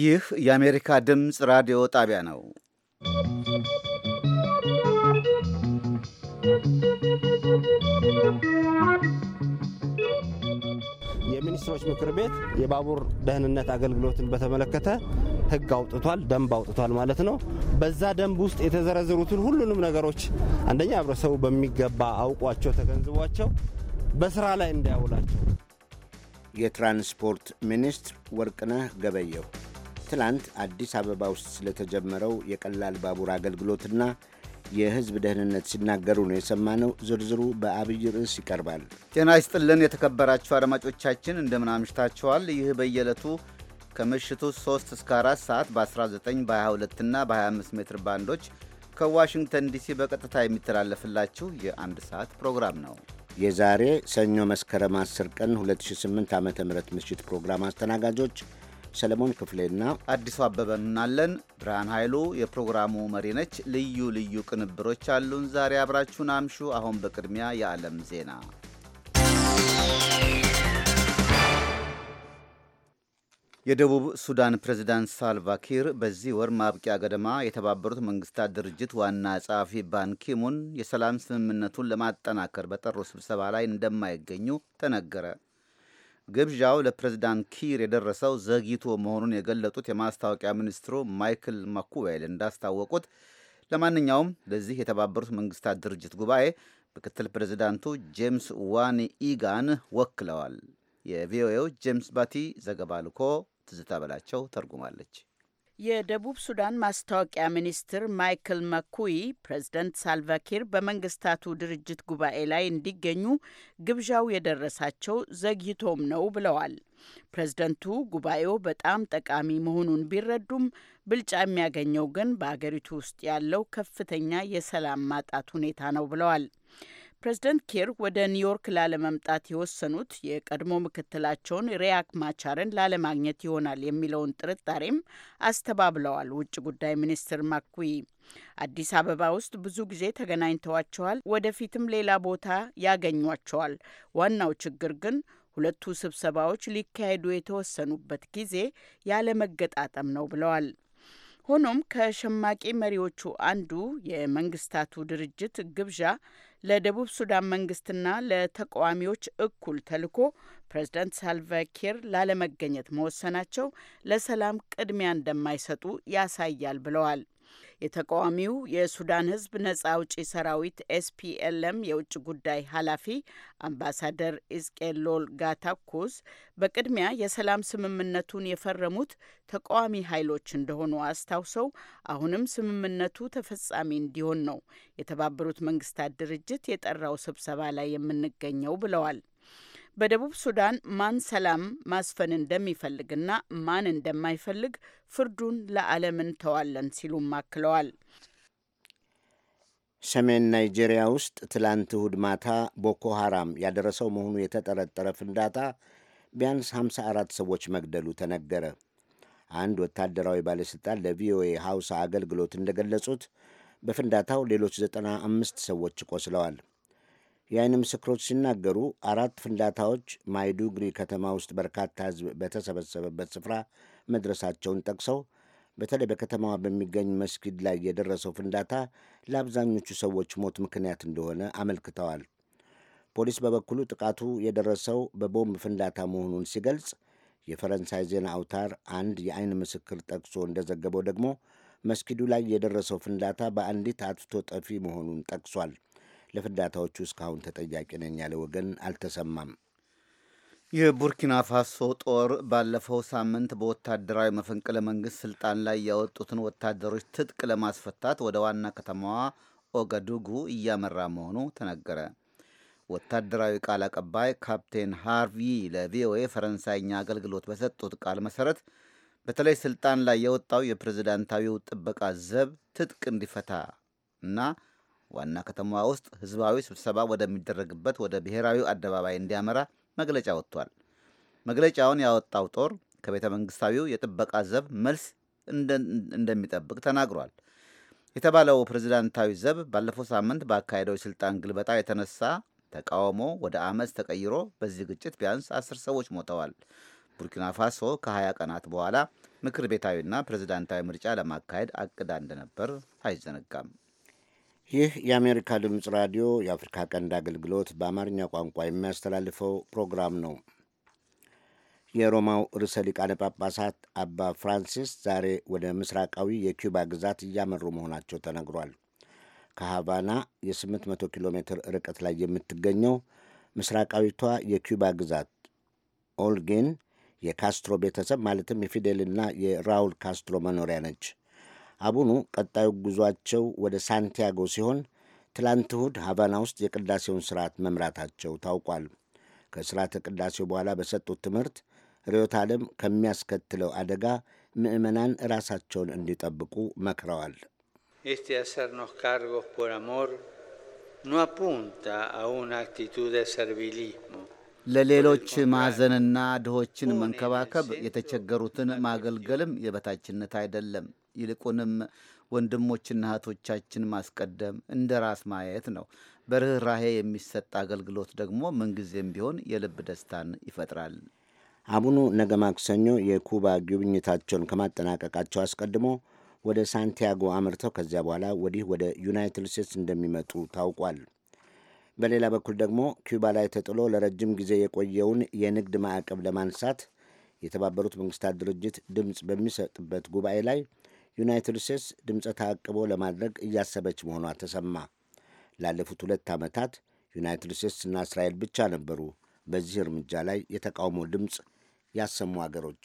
ይህ የአሜሪካ ድምፅ ራዲዮ ጣቢያ ነው። የሚኒስትሮች ምክር ቤት የባቡር ደህንነት አገልግሎትን በተመለከተ ሕግ አውጥቷል፣ ደንብ አውጥቷል ማለት ነው። በዛ ደንብ ውስጥ የተዘረዘሩትን ሁሉንም ነገሮች አንደኛ ህብረተሰቡ በሚገባ አውቋቸው ተገንዝቧቸው በሥራ ላይ እንዳያውላቸው። የትራንስፖርት ሚኒስትር ወርቅነህ ገበየሁ ትላንት አዲስ አበባ ውስጥ ስለተጀመረው የቀላል ባቡር አገልግሎትና የሕዝብ ደህንነት ሲናገሩ ነው የሰማነው። ዝርዝሩ በአብይ ርዕስ ይቀርባል። ጤና ይስጥልን የተከበራችሁ አድማጮቻችን እንደምን አምሽታችኋል? ይህ በየዕለቱ ከምሽቱ 3 እስከ 4 ሰዓት በ19 በ22 እና በ25 ሜትር ባንዶች ከዋሽንግተን ዲሲ በቀጥታ የሚተላለፍላችሁ የአንድ ሰዓት ፕሮግራም ነው። የዛሬ ሰኞ መስከረም 10 ቀን 2008 ዓ ም ምሽት ፕሮግራም አስተናጋጆች ሰለሞን ክፍሌና አዲሱ አበበ እናለን። ብርሃን ኃይሉ የፕሮግራሙ መሪ ነች። ልዩ ልዩ ቅንብሮች አሉን። ዛሬ አብራችሁን አምሹ። አሁን በቅድሚያ የዓለም ዜና የደቡብ ሱዳን ፕሬዚዳንት ሳልቫኪር በዚህ ወር ማብቂያ ገደማ የተባበሩት መንግስታት ድርጅት ዋና ጸሐፊ ባንኪሙን የሰላም ስምምነቱን ለማጠናከር በጠሩ ስብሰባ ላይ እንደማይገኙ ተነገረ። ግብዣው ለፕሬዚዳንት ኪር የደረሰው ዘግይቶ መሆኑን የገለጡት የማስታወቂያ ሚኒስትሩ ማይክል ማኩዌል እንዳስታወቁት ለማንኛውም ለዚህ የተባበሩት መንግስታት ድርጅት ጉባኤ ምክትል ፕሬዚዳንቱ ጄምስ ዋኒ ኢጋን ወክለዋል። የቪኦኤው ጄምስ ባቲ ዘገባ ልኮ ትዝታ በላቸው ተርጉማለች። የደቡብ ሱዳን ማስታወቂያ ሚኒስትር ማይክል መኩይ ፕሬዝደንት ሳልቫኪር በመንግስታቱ ድርጅት ጉባኤ ላይ እንዲገኙ ግብዣው የደረሳቸው ዘግይቶም ነው ብለዋል። ፕሬዝደንቱ ጉባኤው በጣም ጠቃሚ መሆኑን ቢረዱም ብልጫ የሚያገኘው ግን በአገሪቱ ውስጥ ያለው ከፍተኛ የሰላም ማጣት ሁኔታ ነው ብለዋል። ፕሬዝደንት ኪር ወደ ኒውዮርክ ላለመምጣት የወሰኑት የቀድሞ ምክትላቸውን ሪያክ ማቻርን ላለማግኘት ይሆናል የሚለውን ጥርጣሬም አስተባብለዋል። ውጭ ጉዳይ ሚኒስትር ማኩዊ አዲስ አበባ ውስጥ ብዙ ጊዜ ተገናኝተዋቸዋል። ወደፊትም ሌላ ቦታ ያገኟቸዋል። ዋናው ችግር ግን ሁለቱ ስብሰባዎች ሊካሄዱ የተወሰኑበት ጊዜ ያለመገጣጠም ነው ብለዋል። ሆኖም ከሸማቂ መሪዎቹ አንዱ የመንግስታቱ ድርጅት ግብዣ ለደቡብ ሱዳን መንግስትና ለተቃዋሚዎች እኩል ተልኮ ፕሬዝዳንት ሳልቫኪር ላለመገኘት መወሰናቸው ለሰላም ቅድሚያ እንደማይሰጡ ያሳያል ብለዋል። የተቃዋሚው የሱዳን ህዝብ ነጻ አውጪ ሰራዊት ኤስፒኤልኤም የውጭ ጉዳይ ኃላፊ አምባሳደር ኢዝቄሎል ጋታኩዝ በቅድሚያ የሰላም ስምምነቱን የፈረሙት ተቃዋሚ ኃይሎች እንደሆኑ አስታውሰው አሁንም ስምምነቱ ተፈጻሚ እንዲሆን ነው የተባበሩት መንግስታት ድርጅት የጠራው ስብሰባ ላይ የምንገኘው ብለዋል። በደቡብ ሱዳን ማን ሰላም ማስፈን እንደሚፈልግና ማን እንደማይፈልግ ፍርዱን ለዓለም እንተዋለን ሲሉም አክለዋል። ሰሜን ናይጄሪያ ውስጥ ትላንት እሁድ ማታ ቦኮ ሐራም ያደረሰው መሆኑ የተጠረጠረ ፍንዳታ ቢያንስ 54 ሰዎች መግደሉ ተነገረ። አንድ ወታደራዊ ባለሥልጣን ለቪኦኤ ሐውሳ አገልግሎት እንደገለጹት በፍንዳታው ሌሎች 95 ሰዎች ቆስለዋል። የአይን ምስክሮች ሲናገሩ አራት ፍንዳታዎች ማይዱግሪ ከተማ ውስጥ በርካታ ሕዝብ በተሰበሰበበት ስፍራ መድረሳቸውን ጠቅሰው በተለይ በከተማዋ በሚገኝ መስጊድ ላይ የደረሰው ፍንዳታ ለአብዛኞቹ ሰዎች ሞት ምክንያት እንደሆነ አመልክተዋል። ፖሊስ በበኩሉ ጥቃቱ የደረሰው በቦምብ ፍንዳታ መሆኑን ሲገልጽ፣ የፈረንሳይ ዜና አውታር አንድ የአይን ምስክር ጠቅሶ እንደዘገበው ደግሞ መስጊዱ ላይ የደረሰው ፍንዳታ በአንዲት አጥፍቶ ጠፊ መሆኑን ጠቅሷል። ለፍንዳታዎቹ እስካሁን ተጠያቂ ነኝ ያለ ወገን አልተሰማም። የቡርኪና ፋሶ ጦር ባለፈው ሳምንት በወታደራዊ መፈንቅለ መንግስት ስልጣን ላይ ያወጡትን ወታደሮች ትጥቅ ለማስፈታት ወደ ዋና ከተማዋ ኦጋዱጉ እያመራ መሆኑ ተነገረ። ወታደራዊ ቃል አቀባይ ካፕቴን ሃርቪ ለቪኦኤ ፈረንሳይኛ አገልግሎት በሰጡት ቃል መሰረት በተለይ ስልጣን ላይ የወጣው የፕሬዝዳንታዊው ጥበቃ ዘብ ትጥቅ እንዲፈታ እና ዋና ከተማዋ ውስጥ ህዝባዊ ስብሰባ ወደሚደረግበት ወደ ብሔራዊ አደባባይ እንዲያመራ መግለጫ ወጥቷል። መግለጫውን ያወጣው ጦር ከቤተ መንግስታዊው የጥበቃ ዘብ መልስ እንደሚጠብቅ ተናግሯል። የተባለው ፕሬዚዳንታዊ ዘብ ባለፈው ሳምንት በአካሄደው የስልጣን ግልበጣ የተነሳ ተቃውሞ ወደ አመፅ ተቀይሮ በዚህ ግጭት ቢያንስ አስር ሰዎች ሞተዋል። ቡርኪና ፋሶ ከ20 ቀናት በኋላ ምክር ቤታዊና ፕሬዚዳንታዊ ምርጫ ለማካሄድ አቅዳ እንደነበር አይዘነጋም። ይህ የአሜሪካ ድምፅ ራዲዮ የአፍሪካ ቀንድ አገልግሎት በአማርኛ ቋንቋ የሚያስተላልፈው ፕሮግራም ነው። የሮማው ርዕሰ ሊቃነ ጳጳሳት አባ ፍራንሲስ ዛሬ ወደ ምስራቃዊ የኪዩባ ግዛት እያመሩ መሆናቸው ተነግሯል። ከሃቫና የ800 ኪሎ ሜትር ርቀት ላይ የምትገኘው ምስራቃዊቷ የኪዩባ ግዛት ኦልጌን የካስትሮ ቤተሰብ ማለትም የፊዴልና የራውል ካስትሮ መኖሪያ ነች። አቡኑ ቀጣዩ ጉዟቸው ወደ ሳንቲያጎ ሲሆን ትላንት እሁድ ሀቫና ውስጥ የቅዳሴውን ስርዓት መምራታቸው ታውቋል። ከስርዓተ ቅዳሴው በኋላ በሰጡት ትምህርት ርዕዮተ ዓለም ከሚያስከትለው አደጋ ምዕመናን ራሳቸውን እንዲጠብቁ መክረዋል። este hacernos cargo ለሌሎች ማዘንና ድሆችን መንከባከብ የተቸገሩትን ማገልገልም የበታችነት አይደለም። ይልቁንም ወንድሞችና እህቶቻችን ማስቀደም እንደ ራስ ማየት ነው። በርኅራሄ የሚሰጥ አገልግሎት ደግሞ ምንጊዜም ቢሆን የልብ ደስታን ይፈጥራል። አቡኑ ነገ ማክሰኞ የኩባ ጉብኝታቸውን ከማጠናቀቃቸው አስቀድሞ ወደ ሳንቲያጎ አምርተው ከዚያ በኋላ ወዲህ ወደ ዩናይትድ ስቴትስ እንደሚመጡ ታውቋል። በሌላ በኩል ደግሞ ኩባ ላይ ተጥሎ ለረጅም ጊዜ የቆየውን የንግድ ማዕቀብ ለማንሳት የተባበሩት መንግስታት ድርጅት ድምፅ በሚሰጥበት ጉባኤ ላይ ዩናይትድ ስቴትስ ድምፀ ተአቅቦ ለማድረግ እያሰበች መሆኗ ተሰማ። ላለፉት ሁለት ዓመታት ዩናይትድ እና እስራኤል ብቻ ነበሩ በዚህ እርምጃ ላይ የተቃውሞ ድምፅ ያሰሙ አገሮች።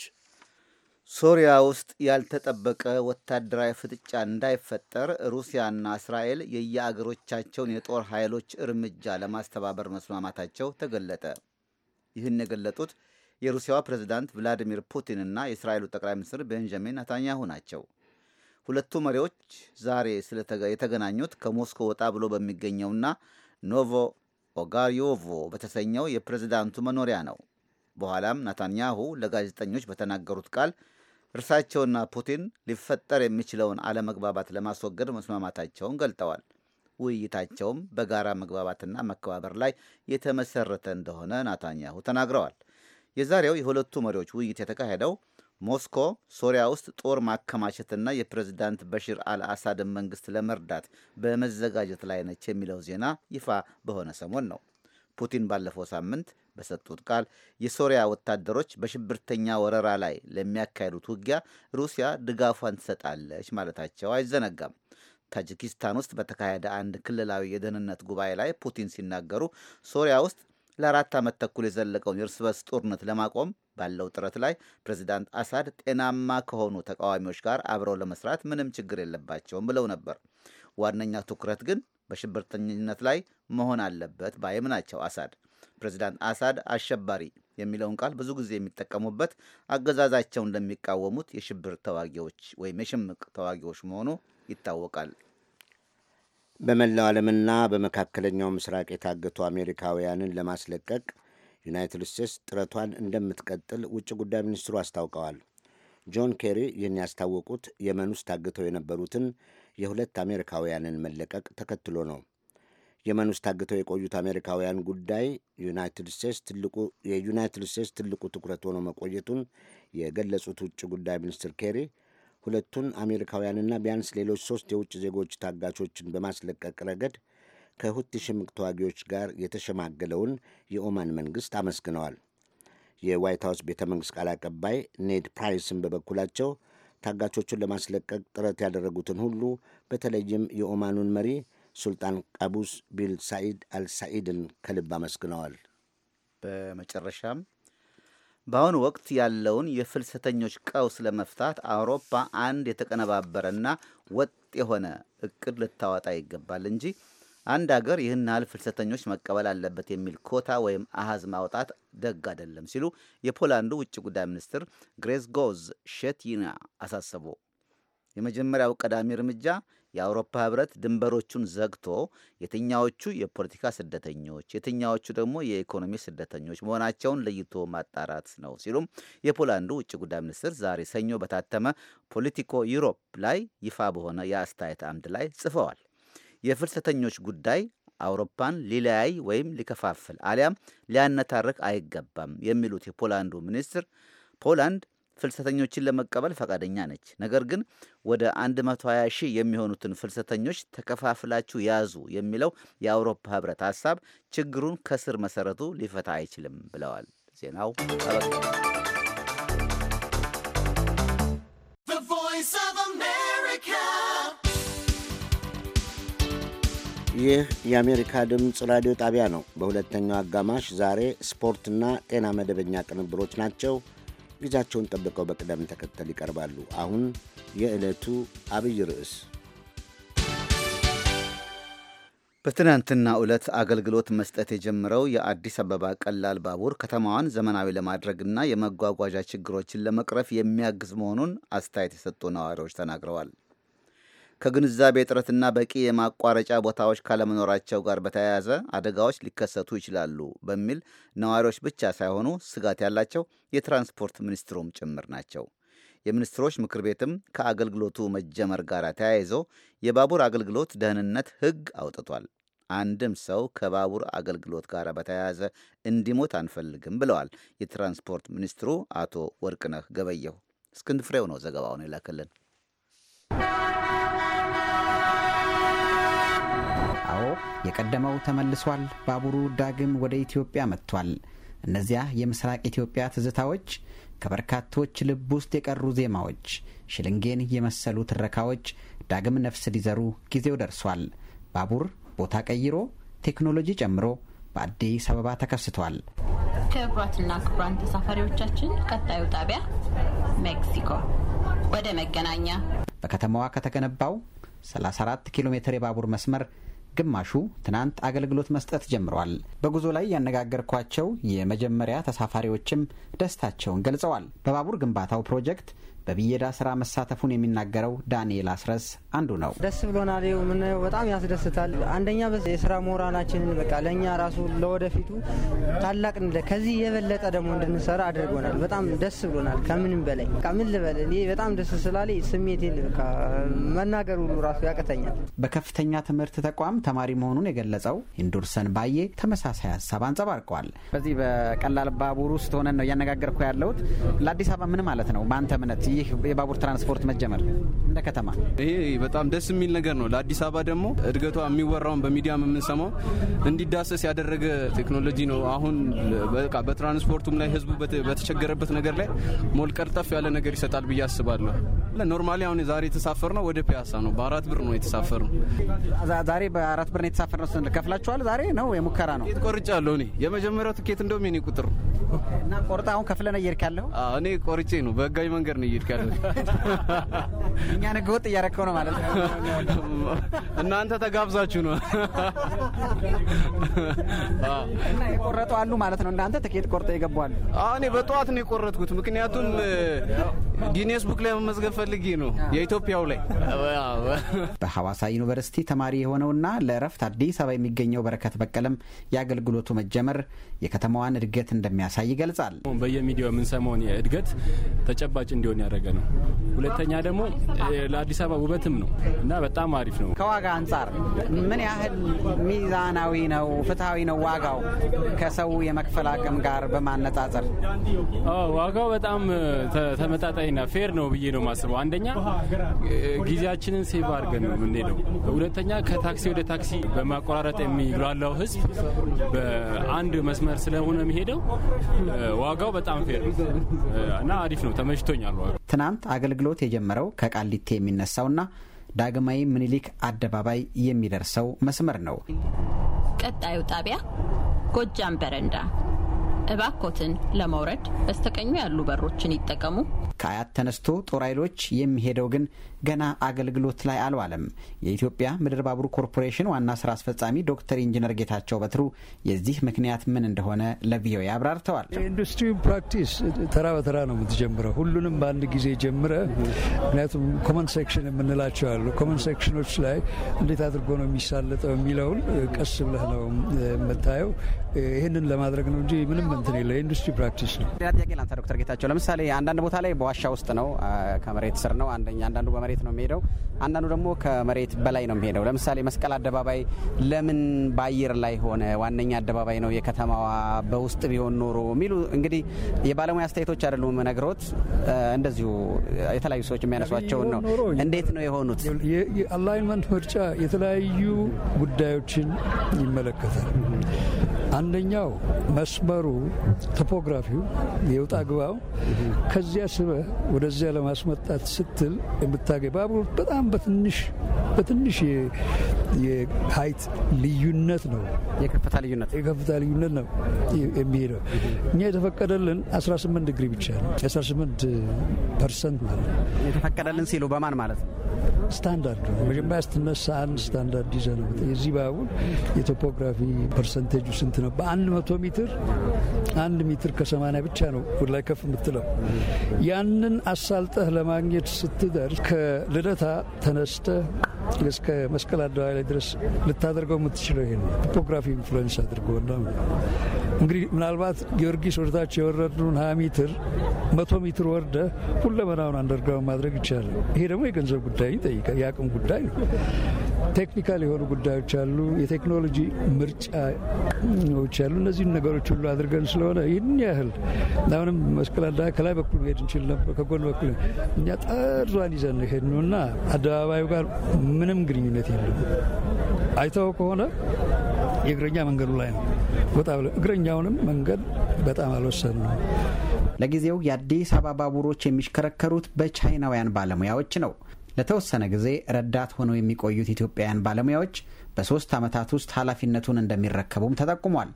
ሶሪያ ውስጥ ያልተጠበቀ ወታደራዊ ፍጥጫ እንዳይፈጠር ሩሲያና እስራኤል የየአገሮቻቸውን የጦር ኃይሎች እርምጃ ለማስተባበር መስማማታቸው ተገለጠ። ይህን የገለጡት የሩሲያዋ ፕሬዝዳንት ቭላዲሚር ፑቲንና የእስራኤሉ ጠቅላይ ሚኒስትር ቤንጃሚን ነታንያሁ ናቸው። ሁለቱ መሪዎች ዛሬ የተገናኙት ከሞስኮ ወጣ ብሎ በሚገኘውና ኖቮ ኦጋሪዮቮ በተሰኘው የፕሬዝዳንቱ መኖሪያ ነው። በኋላም ናታንያሁ ለጋዜጠኞች በተናገሩት ቃል እርሳቸውና ፑቲን ሊፈጠር የሚችለውን አለመግባባት ለማስወገድ መስማማታቸውን ገልጠዋል። ውይይታቸውም በጋራ መግባባትና መከባበር ላይ የተመሰረተ እንደሆነ ናታንያሁ ተናግረዋል። የዛሬው የሁለቱ መሪዎች ውይይት የተካሄደው ሞስኮ ሶሪያ ውስጥ ጦር ማከማቸትና የፕሬዝዳንት በሽር አልአሳድን መንግስት ለመርዳት በመዘጋጀት ላይ ነች የሚለው ዜና ይፋ በሆነ ሰሞን ነው። ፑቲን ባለፈው ሳምንት በሰጡት ቃል የሶሪያ ወታደሮች በሽብርተኛ ወረራ ላይ ለሚያካሂዱት ውጊያ ሩሲያ ድጋፏን ትሰጣለች ማለታቸው አይዘነጋም። ታጂኪስታን ውስጥ በተካሄደ አንድ ክልላዊ የደህንነት ጉባኤ ላይ ፑቲን ሲናገሩ ሶሪያ ውስጥ ለአራት ዓመት ተኩል የዘለቀውን የእርስ በርስ ጦርነት ለማቆም ባለው ጥረት ላይ ፕሬዚዳንት አሳድ ጤናማ ከሆኑ ተቃዋሚዎች ጋር አብረው ለመስራት ምንም ችግር የለባቸውም ብለው ነበር። ዋነኛ ትኩረት ግን በሽብርተኝነት ላይ መሆን አለበት ባይም ናቸው አሳድ። ፕሬዚዳንት አሳድ አሸባሪ የሚለውን ቃል ብዙ ጊዜ የሚጠቀሙበት አገዛዛቸውን ለሚቃወሙት የሽብር ተዋጊዎች ወይም የሽምቅ ተዋጊዎች መሆኑ ይታወቃል። በመላው ዓለምና በመካከለኛው ምስራቅ የታገቱ አሜሪካውያንን ለማስለቀቅ ዩናይትድ ስቴትስ ጥረቷን እንደምትቀጥል ውጭ ጉዳይ ሚኒስትሩ አስታውቀዋል። ጆን ኬሪ ይህን ያስታወቁት የመን ውስጥ ታግተው የነበሩትን የሁለት አሜሪካውያንን መለቀቅ ተከትሎ ነው። የመን ውስጥ ታግተው የቆዩት አሜሪካውያን ጉዳይ ዩናይትድ ስቴትስ ትልቁ የዩናይትድ ስቴትስ ትልቁ ትኩረት ሆኖ መቆየቱን የገለጹት ውጭ ጉዳይ ሚኒስትር ኬሪ ሁለቱን አሜሪካውያንና ቢያንስ ሌሎች ሶስት የውጭ ዜጎች ታጋቾችን በማስለቀቅ ረገድ ከሁቲ ሽምቅ ተዋጊዎች ጋር የተሸማገለውን የኦማን መንግሥት አመስግነዋል። የዋይት ሀውስ ቤተ መንግሥት ቃል አቀባይ ኔድ ፕራይስን በበኩላቸው ታጋቾቹን ለማስለቀቅ ጥረት ያደረጉትን ሁሉ በተለይም የኦማኑን መሪ ሱልጣን ቀቡስ ቢል ሳኢድ አልሳኢድን ከልብ አመስግነዋል። በመጨረሻም በአሁኑ ወቅት ያለውን የፍልሰተኞች ቀውስ ለመፍታት አውሮፓ አንድ የተቀነባበረና ወጥ የሆነ እቅድ ልታወጣ ይገባል እንጂ አንድ አገር ይህን ያህል ፍልሰተኞች መቀበል አለበት የሚል ኮታ ወይም አሃዝ ማውጣት ደግ አይደለም ሲሉ የፖላንዱ ውጭ ጉዳይ ሚኒስትር ግሬስ ጎዝ አሳሰቡ። የመጀመሪያው ቀዳሚ እርምጃ የአውሮፓ ህብረት ድንበሮቹን ዘግቶ የትኛዎቹ የፖለቲካ ስደተኞች የትኛዎቹ ደግሞ የኢኮኖሚ ስደተኞች መሆናቸውን ለይቶ ማጣራት ነው ሲሉም የፖላንዱ ውጭ ጉዳይ ሚኒስትር ዛሬ ሰኞ በታተመ ፖለቲኮ ዩሮፕ ላይ ይፋ በሆነ የአስተያየት አምድ ላይ ጽፈዋል። የፍልሰተኞች ጉዳይ አውሮፓን ሊለያይ ወይም ሊከፋፍል አሊያም ሊያነታርክ አይገባም የሚሉት የፖላንዱ ሚኒስትር ፖላንድ ፍልሰተኞችን ለመቀበል ፈቃደኛ ነች። ነገር ግን ወደ 120 ሺህ የሚሆኑትን ፍልሰተኞች ተከፋፍላችሁ ያዙ የሚለው የአውሮፓ ህብረት ሀሳብ ችግሩን ከስር መሰረቱ ሊፈታ አይችልም ብለዋል። ዜናው ይህ የአሜሪካ ድምፅ ራዲዮ ጣቢያ ነው። በሁለተኛው አጋማሽ ዛሬ ስፖርትና ጤና መደበኛ ቅንብሮች ናቸው። ጊዜያቸውን ጠብቀው በቅደም ተከተል ይቀርባሉ። አሁን የዕለቱ አብይ ርዕስ በትናንትና ዕለት አገልግሎት መስጠት የጀመረው የአዲስ አበባ ቀላል ባቡር ከተማዋን ዘመናዊ ለማድረግና የመጓጓዣ ችግሮችን ለመቅረፍ የሚያግዝ መሆኑን አስተያየት የሰጡ ነዋሪዎች ተናግረዋል። ከግንዛቤ እጥረትና በቂ የማቋረጫ ቦታዎች ካለመኖራቸው ጋር በተያያዘ አደጋዎች ሊከሰቱ ይችላሉ በሚል ነዋሪዎች ብቻ ሳይሆኑ ስጋት ያላቸው የትራንስፖርት ሚኒስትሩም ጭምር ናቸው። የሚኒስትሮች ምክር ቤትም ከአገልግሎቱ መጀመር ጋር ተያይዞ የባቡር አገልግሎት ደህንነት ሕግ አውጥቷል። አንድም ሰው ከባቡር አገልግሎት ጋር በተያያዘ እንዲሞት አንፈልግም ብለዋል የትራንስፖርት ሚኒስትሩ አቶ ወርቅነህ ገበየሁ። እስክንድር ፍሬው ነው ዘገባውን የላከልን። አዎ የቀደመው ተመልሷል። ባቡሩ ዳግም ወደ ኢትዮጵያ መጥቷል። እነዚያ የምስራቅ ኢትዮጵያ ትዝታዎች ከበርካቶች ልብ ውስጥ የቀሩ ዜማዎች፣ ሽልንጌን የመሰሉ ትረካዎች ዳግም ነፍስ ሊዘሩ ጊዜው ደርሷል። ባቡር ቦታ ቀይሮ ቴክኖሎጂ ጨምሮ በአዲስ አበባ ተከስቷል። ክቡራትና ክቡራን ተሳፋሪዎቻችን ቀጣዩ ጣቢያ ሜክሲኮ ወደ መገናኛ በከተማዋ ከተገነባው 34 ኪሎ ሜትር የባቡር መስመር ግማሹ ትናንት አገልግሎት መስጠት ጀምረዋል። በጉዞ ላይ ያነጋገርኳቸው የመጀመሪያ ተሳፋሪዎችም ደስታቸውን ገልጸዋል። በባቡር ግንባታው ፕሮጀክት በብየዳ ስራ መሳተፉን የሚናገረው ዳንኤል አስረስ አንዱ ነው። ደስ ብሎናል። የምናየው በጣም ያስደስታል። አንደኛ የስራ ሞራላችንን በቃ ለእኛ ራሱ ለወደፊቱ ታላቅ ከዚህ የበለጠ ደግሞ እንድንሰራ አድርጎናል። በጣም ደስ ብሎናል። ከምንም በላይ ምን ልበል በጣም ደስ ስላለ ስሜቴን መናገር ሁሉ ራሱ ያቅተኛል። በከፍተኛ ትምህርት ተቋም ተማሪ መሆኑን የገለጸው ኢንዱርሰን ባዬ ተመሳሳይ ሀሳብ አንጸባርቀዋል። በዚህ በቀላል ባቡር ውስጥ ሆነን ነው እያነጋገርኩ ያለሁት። ለአዲስ አበባ ምን ማለት ነው በአንተ እምነት ይህ የባቡር ትራንስፖርት መጀመር እንደ ከተማ ይሄ በጣም ደስ የሚል ነገር ነው። ለአዲስ አበባ ደግሞ እድገቷ የሚወራውን በሚዲያም የምንሰማው እንዲዳሰስ ያደረገ ቴክኖሎጂ ነው። አሁን በቃ በትራንስፖርቱም ላይ ህዝቡ በተቸገረበት ነገር ላይ ሞል ቀልጠፍ ያለ ነገር ይሰጣል ብዬ አስባለሁ። ኖርማሊ አሁን ዛሬ የተሳፈር ነው ወደ ፒያሳ ነው። በአራት ብር ነው የተሳፈር ነው። ዛሬ በአራት ብር ነው የተሳፈር ነው። ስንል ከፍላችኋል? ዛሬ ነው የሙከራ ነው። ቆርጫለሁ እኔ የመጀመሪያው ትኬት እንደውም የኔ ቁጥር እና ቆርጣ አሁን ከፍለነ እየሄድክ ያለሁ እኔ ቆርጬ ነው። በህጋዊ መንገድ ነው ጋር እኛ ነገ ወጥ እያረከው ነው ማለት ነው። እናንተ ተጋብዛችሁ ነው እና የቆረጡ አሉ ማለት ነው። እናንተ ትኬት ቆርጠ ይገባዋል። እኔ በጠዋት ነው የቆረጥኩት፣ ምክንያቱም ጊኔስ ቡክ ላይ መመዝገብ ፈልጌ ነው የኢትዮጵያው ላይ። በሐዋሳ ዩኒቨርሲቲ ተማሪ የሆነውና ለእረፍት አዲስ አበባ የሚገኘው በረከት በቀለም የአገልግሎቱ መጀመር የከተማዋን እድገት እንደሚያሳይ ይገልጻል። በየሚዲያው የምንሰማውን እድገት ተጨባጭ እንዲሆን ያደ እያደረገ ነው። ሁለተኛ ደግሞ ለአዲስ አበባ ውበትም ነው እና በጣም አሪፍ ነው። ከዋጋ አንጻር ምን ያህል ሚዛናዊ ነው፣ ፍትሐዊ ነው ዋጋው ከሰው የመክፈል አቅም ጋር በማነጻጸር? ዋጋው በጣም ተመጣጣኝና ፌር ነው ብዬ ነው የማስበው። አንደኛ ጊዜያችንን ሴቭ አድርገን ነው የምንሄደው። ሁለተኛ ከታክሲ ወደ ታክሲ በማቆራረጥ የሚግሏለው ህዝብ በአንድ መስመር ስለሆነ የሚሄደው ዋጋው በጣም ፌር እና አሪፍ ነው። ተመችቶኛል ዋጋው። ትናንት አገልግሎት የጀመረው ከቃሊቴ የሚነሳውና ዳግማዊ ምኒልክ አደባባይ የሚደርሰው መስመር ነው። ቀጣዩ ጣቢያ ጎጃም በረንዳ። እባኮትን ለመውረድ በስተቀኙ ያሉ በሮችን ይጠቀሙ። ከአያት ተነስቶ ጦር ኃይሎች የሚሄደው ግን ገና አገልግሎት ላይ አልዋለም። የኢትዮጵያ ምድር ባቡር ኮርፖሬሽን ዋና ስራ አስፈጻሚ ዶክተር ኢንጂነር ጌታቸው በትሩ የዚህ ምክንያት ምን እንደሆነ ለቪኦኤ አብራርተዋል። የኢንዱስትሪ ፕራክቲስ ተራ በተራ ነው የምትጀምረው፣ ሁሉንም በአንድ ጊዜ ጀምረ። ምክንያቱም ኮመን ሴክሽን የምንላቸው አሉ። ኮመን ሴክሽኖች ላይ እንዴት አድርጎ ነው የሚሳለጠው የሚለውን ቀስ ብለህ ነው የምታየው። ይህንን ለማድረግ ነው እንጂ ምንም እንትን የለ ኢንዱስትሪ ፕራክቲስ ነው። ሌላ ጥያቄ ላንሳ ዶክተር ጌታቸው ለምሳሌ አንዳንድ ቦታ ላይ በዋሻ ውስጥ ነው ከመሬት ስር ነው አንደኛ አንዳንዱ በመሬት መሬት ነው የሚሄደው። አንዳንዱ ደግሞ ከመሬት በላይ ነው የሚሄደው። ለምሳሌ መስቀል አደባባይ ለምን በአየር ላይ ሆነ? ዋነኛ አደባባይ ነው የከተማዋ፣ በውስጥ ቢሆን ኖሮ የሚሉ እንግዲህ የባለሙያ አስተያየቶች አይደሉም ነግሮት፣ እንደዚሁ የተለያዩ ሰዎች የሚያነሷቸውን ነው። እንዴት ነው የሆኑት? የአላይንመንት ምርጫ የተለያዩ ጉዳዮችን ይመለከታል። አንደኛው መስመሩ ቶፖግራፊው የውጣ ግባው ከዚያ ስበ ወደዚያ ለማስመጣት ስትል የምታገኝ ባቡር በጣም በትንሽ በትንሽ የሀይት ልዩነት ነው የከፍታ ልዩነት የከፍታ ልዩነት ነው የሚሄደው። እኛ የተፈቀደልን 18 ዲግሪ ብቻ ነው። 18 ፐርሰንት ማለት ነው የተፈቀደልን ሲሉ በማን ማለት ነው? ስታንዳርድ መጀመሪያ ስትነሳ አንድ ስታንዳርድ ይዘ ነው የዚህ ባቡር የቶፖግራፊ ፐርሰንቴጁ ስንት ነው። በአንድ መቶ ሜትር አንድ ሜትር ከሰማንያ ብቻ ነው ወደ ላይ ከፍ የምትለው። ያንን አሳልጠህ ለማግኘት ስትደርስ ከልደታ ተነስተ እስከ መስቀል አደባባይ ላይ ድረስ ልታደርገው የምትችለው ይሄ ነው። ቶፖግራፊ ኢንፍሉዌንስ አድርጎ እንግዲህ ምናልባት ጊዮርጊስ ወደታች የወረዱን ሀያ ሜትር መቶ ሜትር ወርደ ሁለመናውን አንደርግራውን ማድረግ ይቻላል። ይሄ ደግሞ የገንዘብ ጉዳይ ይጠይቃል፣ የአቅም ጉዳይ ነው። ቴክኒካል የሆኑ ጉዳዮች አሉ፣ የቴክኖሎጂ ምርጫዎች አሉ። እነዚህን ነገሮች ሁሉ አድርገን ስለሆነ ይህን ያህል አሁንም መስቀል አደባባይ ከላይ በኩል መሄድ እንችል ነበር፣ ከጎን በኩል እኛ ጠርዟን ይዘን ሄድ ነው እና አደባባዩ ጋር ምንም ግንኙነት የለም። አይተው ከሆነ የእግረኛ መንገዱ ላይ ነው ወጣ ብለ እግረኛውንም መንገድ በጣም አልወሰን ነው። ለጊዜው የአዲስ አበባ ባቡሮች የሚሽከረከሩት በቻይናውያን ባለሙያዎች ነው። ለተወሰነ ጊዜ ረዳት ሆነው የሚቆዩት ኢትዮጵያውያን ባለሙያዎች በሶስት ዓመታት ውስጥ ኃላፊነቱን እንደሚረከቡም ተጠቁሟል።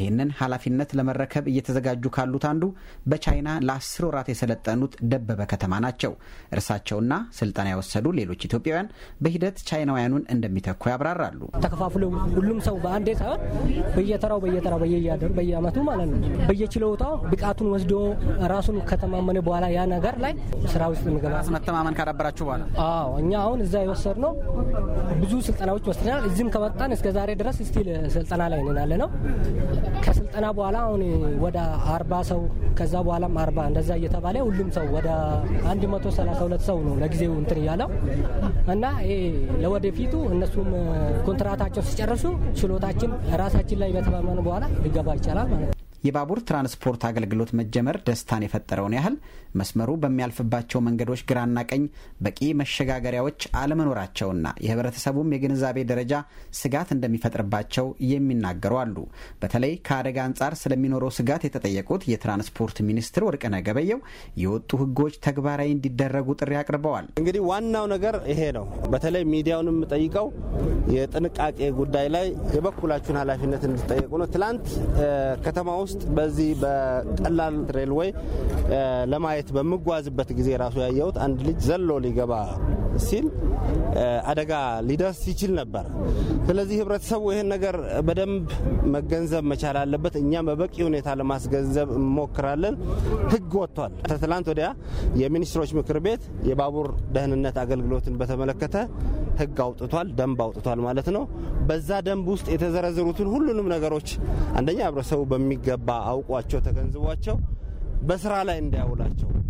ይህንን ኃላፊነት ለመረከብ እየተዘጋጁ ካሉት አንዱ በቻይና ለአስር ወራት የሰለጠኑት ደበበ ከተማ ናቸው። እርሳቸውና ስልጠና የወሰዱ ሌሎች ኢትዮጵያውያን በሂደት ቻይናውያኑን እንደሚተኩ ያብራራሉ። ተከፋፍሎ ሁሉም ሰው በአንዴ ሳይሆን በየተራው በየተራው በየያደሩ በየአመቱ ማለት ነው በየችሎታው ብቃቱን ወስዶ ራሱን ከተማመነ በኋላ ያ ነገር ላይ ስራ ውስጥ እንገባ መተማመን ካዳበራችሁ በኋላ አዎ እኛ አሁን እዛ የወሰድነው ብዙ ስልጠናዎች ወስደናል። እዚህም ከመጣን እስከዛሬ ድረስ ስቲል ስልጠና ላይ እንናለ ነው ከስልጠና በኋላ አሁን ወደ አርባ ሰው ከዛ በኋላም አርባ እንደዛ እየተባለ ሁሉም ሰው ወደ አንድ መቶ ሰላሳ ሁለት ሰው ነው ለጊዜው እንትን እያለው እና ለወደፊቱ እነሱም ኮንትራታቸው ሲጨርሱ ችሎታችን ራሳችን ላይ በተማመኑ በኋላ ሊገባ ይቻላል ማለት ነው። የባቡር ትራንስፖርት አገልግሎት መጀመር ደስታን የፈጠረውን ያህል መስመሩ በሚያልፍባቸው መንገዶች ግራና ቀኝ በቂ መሸጋገሪያዎች አለመኖራቸውና የህብረተሰቡም የግንዛቤ ደረጃ ስጋት እንደሚፈጥርባቸው የሚናገሩ አሉ። በተለይ ከአደጋ አንጻር ስለሚኖረው ስጋት የተጠየቁት የትራንስፖርት ሚኒስትር ወርቅነህ ገበየው የወጡ ህጎች ተግባራዊ እንዲደረጉ ጥሪ አቅርበዋል። እንግዲህ ዋናው ነገር ይሄ ነው። በተለይ ሚዲያውን የምጠይቀው የጥንቃቄ ጉዳይ ላይ የበኩላችሁን ኃላፊነት እንድትጠየቁ ነው። ትላንት ከተማ ውስጥ ውስጥ በዚህ በቀላል ሬልዌይ ለማየት በምጓዝበት ጊዜ ራሱ ያየሁት አንድ ልጅ ዘሎ ሊገባ ሲል አደጋ ሊደርስ ይችል ነበር። ስለዚህ ህብረተሰቡ ይህን ነገር በደንብ መገንዘብ መቻል አለበት። እኛም በበቂ ሁኔታ ለማስገንዘብ እንሞክራለን። ህግ ወጥቷል። ከትላንት ወዲያ የሚኒስትሮች ምክር ቤት የባቡር ደህንነት አገልግሎትን በተመለከተ ህግ አውጥቷል፣ ደንብ አውጥቷል ማለት ነው። በዛ ደንብ ውስጥ የተዘረዘሩትን ሁሉንም ነገሮች አንደኛ ህብረተሰቡ በሚገባ በሚገባ አውቋቸው ተገንዝቧቸው በስራ ላይ እንዳያውላቸው ።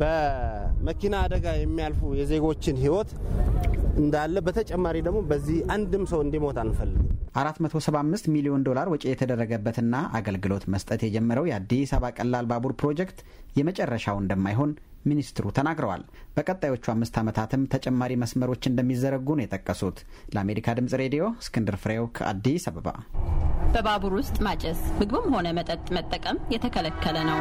በመኪና አደጋ የሚያልፉ የዜጎችን ህይወት እንዳለ በተጨማሪ ደግሞ በዚህ አንድም ሰው እንዲሞት አንፈልግም። 475 ሚሊዮን ዶላር ወጪ የተደረገበትና አገልግሎት መስጠት የጀመረው የአዲስ አበባ ቀላል ባቡር ፕሮጀክት የመጨረሻው እንደማይሆን ሚኒስትሩ ተናግረዋል። በቀጣዮቹ አምስት ዓመታትም ተጨማሪ መስመሮች እንደሚዘረጉ ነው የጠቀሱት። ለአሜሪካ ድምጽ ሬዲዮ እስክንድር ፍሬው ከአዲስ አበባ። በባቡር ውስጥ ማጨስ፣ ምግብም ሆነ መጠጥ መጠቀም የተከለከለ ነው።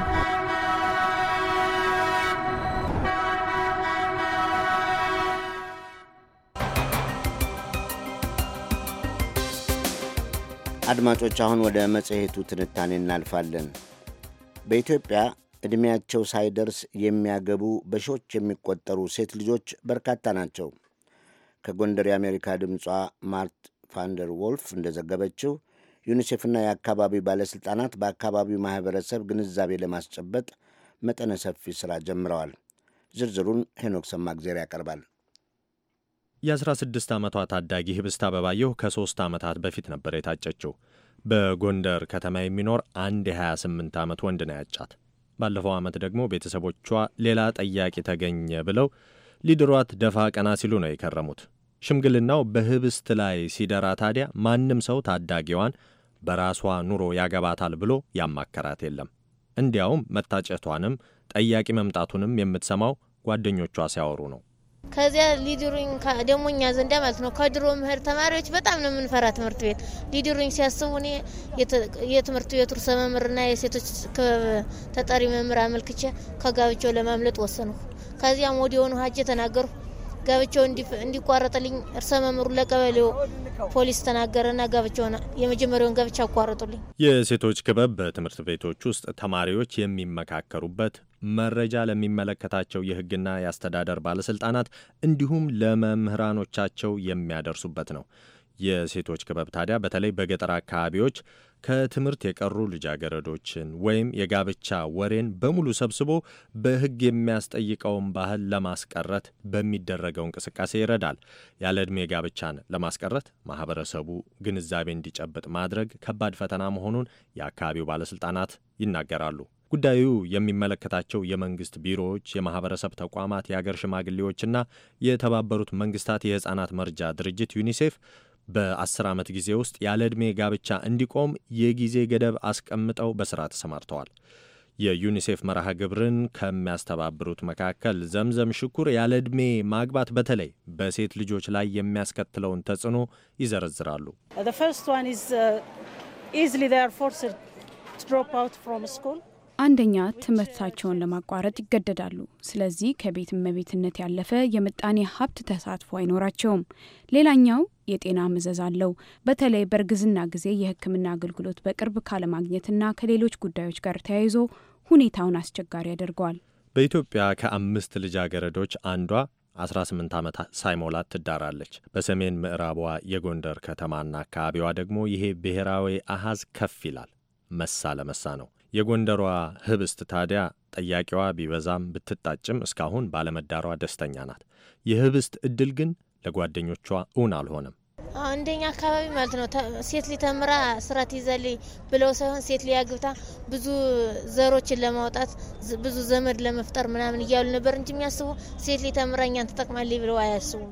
አድማጮች አሁን ወደ መጽሔቱ ትንታኔ እናልፋለን። በኢትዮጵያ ዕድሜያቸው ሳይደርስ የሚያገቡ በሺዎች የሚቆጠሩ ሴት ልጆች በርካታ ናቸው። ከጎንደር የአሜሪካ ድምጿ ማርት ፋንደር ወልፍ እንደዘገበችው ዩኒሴፍና የአካባቢው ባለሥልጣናት በአካባቢው ማኅበረሰብ ግንዛቤ ለማስጨበጥ መጠነ ሰፊ ሥራ ጀምረዋል። ዝርዝሩን ሄኖክ ሰማግዜር ያቀርባል። የ16 ዓመቷ ታዳጊ ህብስት አበባየሁ ከሦስት ዓመታት በፊት ነበር የታጨችው። በጎንደር ከተማ የሚኖር አንድ የ28 ዓመት ወንድ ነው ያጫት። ባለፈው ዓመት ደግሞ ቤተሰቦቿ ሌላ ጠያቂ ተገኘ ብለው ሊድሯት ደፋ ቀና ሲሉ ነው የከረሙት። ሽምግልናው በህብስት ላይ ሲደራ ታዲያ ማንም ሰው ታዳጊዋን በራሷ ኑሮ ያገባታል ብሎ ያማከራት የለም። እንዲያውም መታጨቷንም ጠያቂ መምጣቱንም የምትሰማው ጓደኞቿ ሲያወሩ ነው። ከዚያ ሊድሩኝ ደግሞ እኛ ዘንዳ ማለት ነው ከድሮ ምህር ተማሪዎች በጣም ነው የምንፈራ ትምህርት ቤት ሊድሩኝ ሲያስቡ እኔ የትምህርት ቤቱ ርዕሰ መምህርና የሴቶች ተጠሪ መምህር አመልክቼ ከጋብቻው ለማምለጥ ወሰንኩ። ከዚያም ወዲያውኑ ሀጄ ተናገሩ ጋብቻው እንዲቋረጥልኝ እርሰ መምሩ ለቀበሌው ፖሊስ ተናገረና ጋብቻውን የመጀመሪያውን ጋብቻ አቋረጡልኝ። የሴቶች ክበብ በትምህርት ቤቶች ውስጥ ተማሪዎች የሚመካከሩበት መረጃ ለሚመለከታቸው የሕግና የአስተዳደር ባለሥልጣናት እንዲሁም ለመምህራኖቻቸው የሚያደርሱበት ነው። የሴቶች ክበብ ታዲያ በተለይ በገጠር አካባቢዎች ከትምህርት የቀሩ ልጃገረዶችን ወይም የጋብቻ ወሬን በሙሉ ሰብስቦ በሕግ የሚያስጠይቀውን ባህል ለማስቀረት በሚደረገው እንቅስቃሴ ይረዳል። ያለ ዕድሜ ጋብቻን ለማስቀረት ማህበረሰቡ ግንዛቤ እንዲጨብጥ ማድረግ ከባድ ፈተና መሆኑን የአካባቢው ባለሥልጣናት ይናገራሉ። ጉዳዩ የሚመለከታቸው የመንግስት ቢሮዎች፣ የማህበረሰብ ተቋማት፣ የአገር ሽማግሌዎችና የተባበሩት መንግስታት የህፃናት መርጃ ድርጅት ዩኒሴፍ በአስር ዓመት ጊዜ ውስጥ ያለ ዕድሜ ጋብቻ እንዲቆም የጊዜ ገደብ አስቀምጠው በሥራ ተሰማርተዋል። የዩኒሴፍ መርሃ ግብርን ከሚያስተባብሩት መካከል ዘምዘም ሽኩር ያለ ዕድሜ ማግባት በተለይ በሴት ልጆች ላይ የሚያስከትለውን ተጽዕኖ ይዘረዝራሉ። አንደኛ ትምህርታቸውን ለማቋረጥ ይገደዳሉ። ስለዚህ ከቤት እመቤትነት ያለፈ የምጣኔ ሀብት ተሳትፎ አይኖራቸውም። ሌላኛው የጤና መዘዝ አለው። በተለይ በእርግዝና ጊዜ የሕክምና አገልግሎት በቅርብ ካለማግኘትና ከሌሎች ጉዳዮች ጋር ተያይዞ ሁኔታውን አስቸጋሪ ያደርገዋል። በኢትዮጵያ ከአምስት ልጃገረዶች አንዷ 18 ዓመት ሳይሞላት ትዳራለች። በሰሜን ምዕራቧ የጎንደር ከተማና አካባቢዋ ደግሞ ይሄ ብሔራዊ አሃዝ ከፍ ይላል። መሳ ለመሳ ነው። የጎንደሯ ህብስት ታዲያ ጠያቂዋ ቢበዛም ብትጣጭም እስካሁን ባለመዳሯ ደስተኛ ናት። የህብስት እድል ግን ለጓደኞቿ እውን አልሆነም። እንደኛ አካባቢ ማለት ነው ሴት ሊተምራ ስራ ትይዛል ብለው ሳይሆን ሴት ሊያግብታ ብዙ ዘሮችን ለማውጣት ብዙ ዘመድ ለመፍጠር ምናምን እያሉ ነበር እንጂ የሚያስቡ ሴት ሊተምራ እኛን ትጠቅማል ብለው አያስቡም።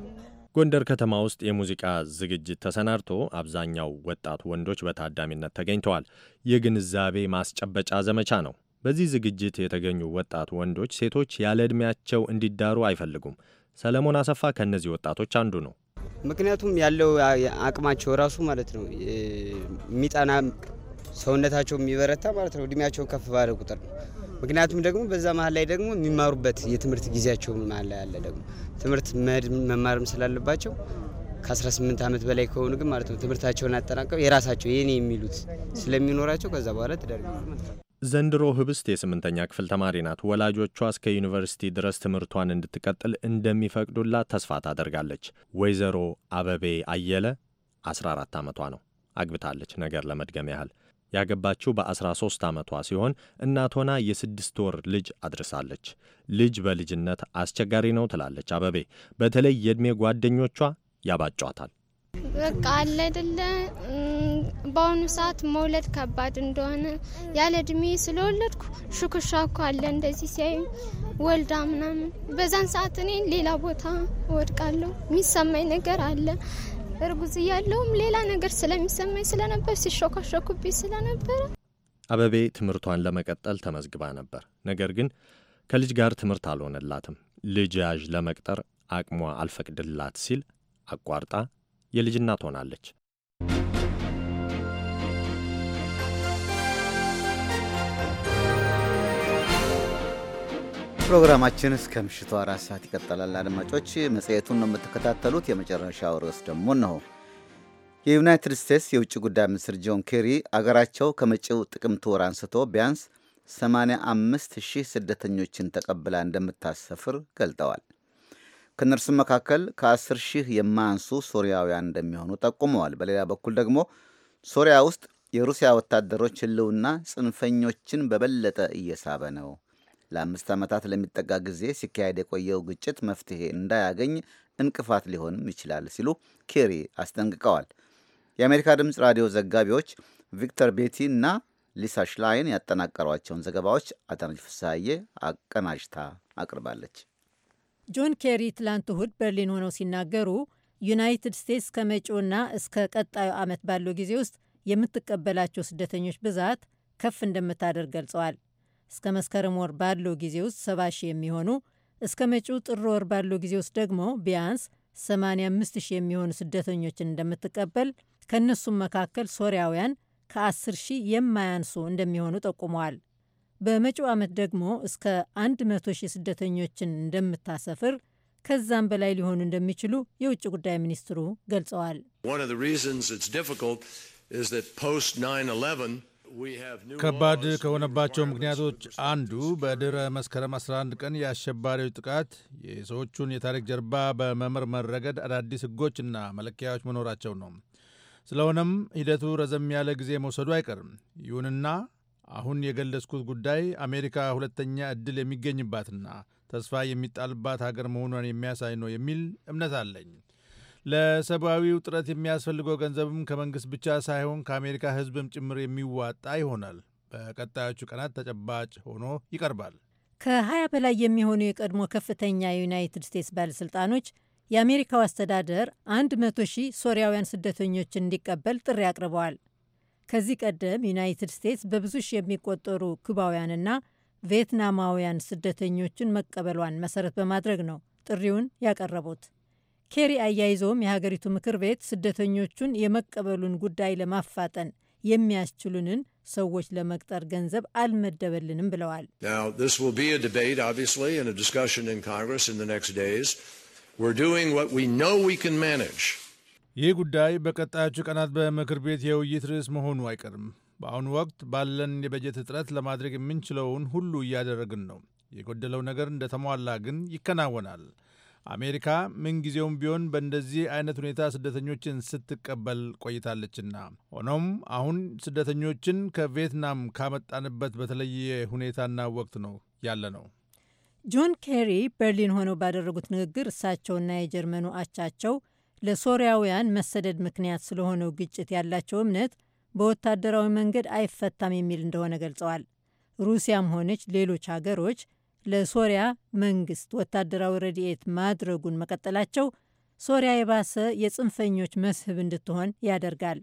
ጎንደር ከተማ ውስጥ የሙዚቃ ዝግጅት ተሰናድቶ አብዛኛው ወጣት ወንዶች በታዳሚነት ተገኝተዋል። የግንዛቤ ማስጨበጫ ዘመቻ ነው። በዚህ ዝግጅት የተገኙ ወጣት ወንዶች ሴቶች ያለ ዕድሜያቸው እንዲዳሩ አይፈልጉም። ሰለሞን አሰፋ ከእነዚህ ወጣቶች አንዱ ነው። ምክንያቱም ያለው አቅማቸው ራሱ ማለት ነው የሚጠና ሰውነታቸው የሚበረታ ማለት ነው እድሜያቸው ከፍ ባለ ቁጥር ነው ምክንያቱም ደግሞ በዛ መሀል ላይ ደግሞ የሚማሩበት የትምህርት ጊዜያቸው መሀል ላይ አለ። ደግሞ ትምህርት መማርም ስላለባቸው ከ18 ዓመት በላይ ከሆኑ ግን ማለት ነው ትምህርታቸውን አጠናቀው የራሳቸው የኔ የሚሉት ስለሚኖራቸው ከዛ በኋላ ትዳር ዘንድሮ ህብስት የስምንተኛ ክፍል ተማሪ ናት። ወላጆቿ እስከ ዩኒቨርሲቲ ድረስ ትምህርቷን እንድትቀጥል እንደሚፈቅዱላት ተስፋ ታደርጋለች። ወይዘሮ አበቤ አየለ 14 ዓመቷ ነው። አግብታለች። ነገር ለመድገም ያህል ያገባችው በ ሶስት ዓመቷ ሲሆን እናት ሆና የስድስት ወር ልጅ አድርሳለች። ልጅ በልጅነት አስቸጋሪ ነው ትላለች አበቤ። በተለይ የዕድሜ ጓደኞቿ ያባጯታል። በቃ አለ አይደለ በአሁኑ ሰዓት መውለድ ከባድ እንደሆነ ያለ እድሜ ስለወለድኩ ሹክሻ እኮ አለ እንደዚህ ሲያዩ ወልዳ ምናምን። በዛን ሰዓት እኔ ሌላ ቦታ እወድቃለሁ። የሚሰማኝ ነገር አለ እርጉዝ እያለውም ሌላ ነገር ስለሚሰማኝ ስለነበር ሲሾካሾኩብኝ ስለነበረ አበቤ ትምህርቷን ለመቀጠል ተመዝግባ ነበር። ነገር ግን ከልጅ ጋር ትምህርት አልሆነላትም። ልጅ ያዥ ለመቅጠር አቅሟ አልፈቅድላት ሲል አቋርጣ የልጅ እናት ሆናለች። ፕሮግራማችን እስከ ምሽቱ አራት ሰዓት ይቀጥላል። አድማጮች መጽሔቱን ነው የምትከታተሉት። የመጨረሻው ርዕስ ደግሞ ነው። የዩናይትድ ስቴትስ የውጭ ጉዳይ ሚኒስትር ጆን ኬሪ አገራቸው ከመጪው ጥቅምት ወር አንስቶ ቢያንስ 85 ሺህ ስደተኞችን ተቀብላ እንደምታሰፍር ገልጠዋል። ከእነርሱም መካከል ከ10 ሺህ የማያንሱ ሶሪያውያን እንደሚሆኑ ጠቁመዋል። በሌላ በኩል ደግሞ ሶሪያ ውስጥ የሩሲያ ወታደሮች ህልውና ጽንፈኞችን በበለጠ እየሳበ ነው ለአምስት ዓመታት ለሚጠጋ ጊዜ ሲካሄድ የቆየው ግጭት መፍትሄ እንዳያገኝ እንቅፋት ሊሆንም ይችላል ሲሉ ኬሪ አስጠንቅቀዋል። የአሜሪካ ድምፅ ራዲዮ ዘጋቢዎች ቪክተር ቤቲ እና ሊሳ ሽላይን ያጠናቀሯቸውን ዘገባዎች አዳነች ፍሳዬ አቀናጅታ አቅርባለች። ጆን ኬሪ ትላንት እሁድ በርሊን ሆነው ሲናገሩ ዩናይትድ ስቴትስ ከመጪውና እስከ ቀጣዩ ዓመት ባለው ጊዜ ውስጥ የምትቀበላቸው ስደተኞች ብዛት ከፍ እንደምታደርግ ገልጸዋል። እስከ መስከረም ወር ባለው ጊዜ ውስጥ 70 ሺህ የሚሆኑ እስከ መጪው ጥር ወር ባለው ጊዜ ውስጥ ደግሞ ቢያንስ 85 ሺህ የሚሆኑ ስደተኞችን እንደምትቀበል ከእነሱም መካከል ሶሪያውያን ከ10 ሺህ የማያንሱ እንደሚሆኑ ጠቁመዋል። በመጪው ዓመት ደግሞ እስከ 100 ሺህ ስደተኞችን እንደምታሰፍር ከዛም በላይ ሊሆኑ እንደሚችሉ የውጭ ጉዳይ ሚኒስትሩ ገልጸዋል። ከባድ ከሆነባቸው ምክንያቶች አንዱ በድረ መስከረም 11 ቀን የአሸባሪዎች ጥቃት የሰዎቹን የታሪክ ጀርባ በመመርመር ረገድ አዳዲስ ሕጎችና መለኪያዎች መኖራቸው ነው። ስለሆነም ሂደቱ ረዘም ያለ ጊዜ መውሰዱ አይቀርም። ይሁንና አሁን የገለጽኩት ጉዳይ አሜሪካ ሁለተኛ ዕድል የሚገኝባትና ተስፋ የሚጣልባት ሀገር መሆኗን የሚያሳይ ነው የሚል እምነት አለኝ። ለሰብአዊ ውጥረት የሚያስፈልገው ገንዘብም ከመንግስት ብቻ ሳይሆን ከአሜሪካ ህዝብም ጭምር የሚዋጣ ይሆናል። በቀጣዮቹ ቀናት ተጨባጭ ሆኖ ይቀርባል። ከ20 በላይ የሚሆኑ የቀድሞ ከፍተኛ የዩናይትድ ስቴትስ ባለሥልጣኖች የአሜሪካው አስተዳደር 100 ሺህ ሶሪያውያን ስደተኞችን እንዲቀበል ጥሪ አቅርበዋል። ከዚህ ቀደም ዩናይትድ ስቴትስ በብዙ ሺህ የሚቆጠሩ ኩባውያንና ቪየትናማውያን ስደተኞችን መቀበሏን መሰረት በማድረግ ነው ጥሪውን ያቀረቡት። ኬሪ አያይዘውም የሀገሪቱ ምክር ቤት ስደተኞቹን የመቀበሉን ጉዳይ ለማፋጠን የሚያስችሉንን ሰዎች ለመቅጠር ገንዘብ አልመደበልንም ብለዋል። ይህ ጉዳይ በቀጣዮቹ ቀናት በምክር ቤት የውይይት ርዕስ መሆኑ አይቀርም። በአሁኑ ወቅት ባለን የበጀት እጥረት ለማድረግ የምንችለውን ሁሉ እያደረግን ነው። የጎደለው ነገር እንደተሟላ ግን ይከናወናል። አሜሪካ ምንጊዜውም ቢሆን በእንደዚህ አይነት ሁኔታ ስደተኞችን ስትቀበል ቆይታለችና፣ ሆኖም አሁን ስደተኞችን ከቪየትናም ካመጣንበት በተለየ ሁኔታና ወቅት ነው ያለ ነው። ጆን ኬሪ በርሊን ሆነው ባደረጉት ንግግር እሳቸውና የጀርመኑ አቻቸው ለሶሪያውያን መሰደድ ምክንያት ስለሆነው ግጭት ያላቸው እምነት በወታደራዊ መንገድ አይፈታም የሚል እንደሆነ ገልጸዋል። ሩሲያም ሆነች ሌሎች ሀገሮች ለሶሪያ መንግስት ወታደራዊ ረድኤት ማድረጉን መቀጠላቸው ሶሪያ የባሰ የጽንፈኞች መስህብ እንድትሆን ያደርጋል፣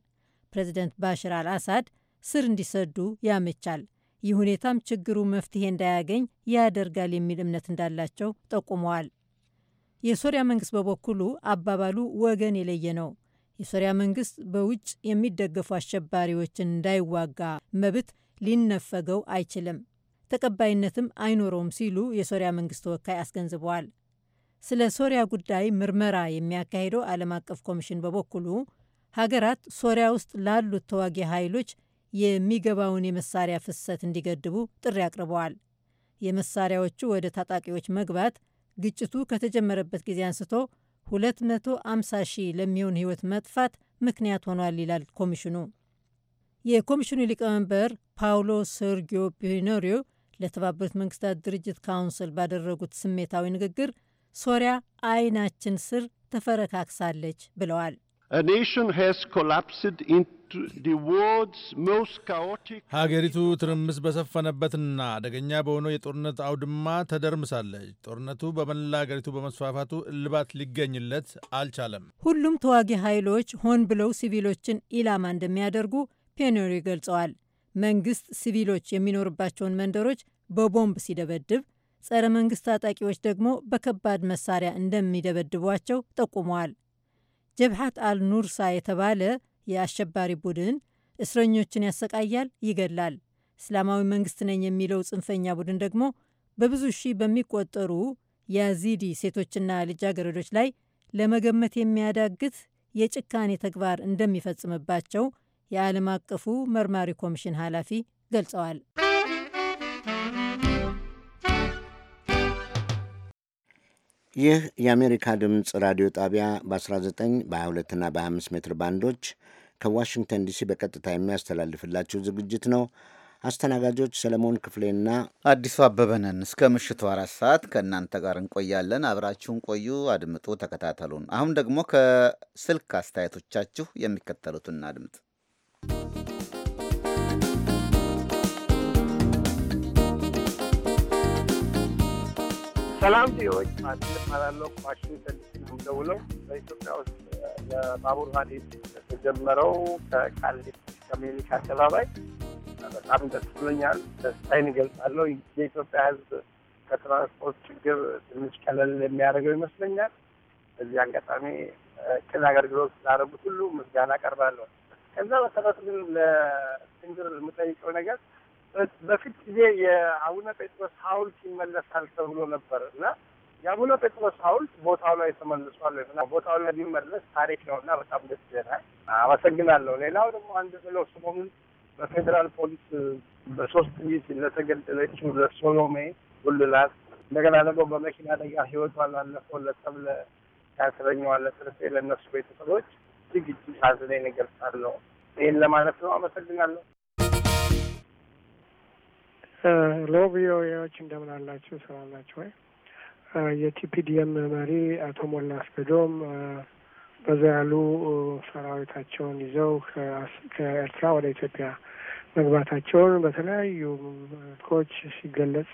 ፕሬዚደንት ባሽር አልአሳድ ስር እንዲሰዱ ያመቻል፣ ይህ ሁኔታም ችግሩ መፍትሄ እንዳያገኝ ያደርጋል የሚል እምነት እንዳላቸው ጠቁመዋል። የሶሪያ መንግስት በበኩሉ አባባሉ ወገን የለየ ነው፣ የሶሪያ መንግስት በውጭ የሚደገፉ አሸባሪዎችን እንዳይዋጋ መብት ሊነፈገው አይችልም ተቀባይነትም አይኖረውም ሲሉ የሶሪያ መንግስት ተወካይ አስገንዝበዋል። ስለ ሶሪያ ጉዳይ ምርመራ የሚያካሂደው ዓለም አቀፍ ኮሚሽን በበኩሉ ሀገራት ሶሪያ ውስጥ ላሉት ተዋጊ ኃይሎች የሚገባውን የመሳሪያ ፍሰት እንዲገድቡ ጥሪ አቅርበዋል። የመሳሪያዎቹ ወደ ታጣቂዎች መግባት ግጭቱ ከተጀመረበት ጊዜ አንስቶ 250 ሺህ ለሚሆን ሕይወት መጥፋት ምክንያት ሆኗል ይላል ኮሚሽኑ። የኮሚሽኑ ሊቀመንበር ፓውሎ ሰርጊዮ ፒኖሪዮ ለተባበሩት መንግስታት ድርጅት ካውንስል ባደረጉት ስሜታዊ ንግግር ሶሪያ አይናችን ስር ተፈረካክሳለች ብለዋል። ሀገሪቱ ትርምስ በሰፈነበትና አደገኛ በሆነው የጦርነት አውድማ ተደርምሳለች። ጦርነቱ በመላ ሀገሪቱ በመስፋፋቱ እልባት ሊገኝለት አልቻለም። ሁሉም ተዋጊ ኃይሎች ሆን ብለው ሲቪሎችን ኢላማ እንደሚያደርጉ ፔኖሪ ገልጸዋል። መንግስት ሲቪሎች የሚኖርባቸውን መንደሮች በቦምብ ሲደበድብ፣ ጸረ መንግስት ታጣቂዎች ደግሞ በከባድ መሳሪያ እንደሚደበድቧቸው ጠቁመዋል። ጀብሃት አልኑርሳ የተባለ የአሸባሪ ቡድን እስረኞችን ያሰቃያል፣ ይገድላል። እስላማዊ መንግስት ነኝ የሚለው ጽንፈኛ ቡድን ደግሞ በብዙ ሺህ በሚቆጠሩ ያዚዲ ሴቶችና ልጃገረዶች ላይ ለመገመት የሚያዳግት የጭካኔ ተግባር እንደሚፈጽምባቸው የዓለም አቀፉ መርማሪ ኮሚሽን ኃላፊ ገልጸዋል። ይህ የአሜሪካ ድምፅ ራዲዮ ጣቢያ በ19 በ22ና በ25 ሜትር ባንዶች ከዋሽንግተን ዲሲ በቀጥታ የሚያስተላልፍላችሁ ዝግጅት ነው። አስተናጋጆች ሰለሞን ክፍሌና አዲሱ አበበነን እስከ ምሽቱ አራት ሰዓት ከእናንተ ጋር እንቆያለን። አብራችሁን ቆዩ፣ አድምጡ፣ ተከታተሉን። አሁን ደግሞ ከስልክ አስተያየቶቻችሁ የሚከተሉትን አድምጥ። ሰላም ዜዎች ማለት እባላለሁ። ዋሽንግተን ዲሲ ነው የምደውለው። በኢትዮጵያ ውስጥ የባቡር ሀዲድ የተጀመረው ከቃሊቲ ከሜሪክ አደባባይ በጣም ደስ ብሎኛል። ደስታዬን እገልጻለሁ። የኢትዮጵያ ሕዝብ ከትራንስፖርት ችግር ትንሽ ቀለል የሚያደርገው ይመስለኛል። በዚህ አጋጣሚ ቅን አገልግሎት ስላደረጉት ሁሉ ምስጋና አቀርባለሁ። ከዛ በተረፈ ግን ለእንግር የምጠይቀው ነገር በፊት ጊዜ የአቡነ ጴጥሮስ ሐውልት ይመለሳል ተብሎ ነበር እና የአቡነ ጴጥሮስ ሐውልት ቦታው ላይ ተመልሷል ና ቦታው ላይ ቢመለስ ታሪክ ነው እና በጣም ደስ ይለናል። አመሰግናለሁ። ሌላው ደግሞ አንድ ብለው ሰሞኑን በፌዴራል ፖሊስ በሶስት ጊዜ ለተገደለችው ለሶሎሜ ጉልላት እንደገና ደግሞ በመኪና አደጋ ህይወቷ ላለፈው ለጠብለ ያስረኘዋለ ትርፌ ለእነሱ ቤተሰቦች እጅግ እጅግ ሐዘኔን እገልጻለሁ። ይህን ለማለት ነው። አመሰግናለሁ። ሎ ቪኦኤዎች እንደምን አላችሁ? ሰላም ናችሁ ወይ? የቲፒዲኤም መሪ አቶ ሞላ አስገዶም በዛ ያሉ ሰራዊታቸውን ይዘው ከኤርትራ ወደ ኢትዮጵያ መግባታቸውን በተለያዩ ኮች ሲገለጽ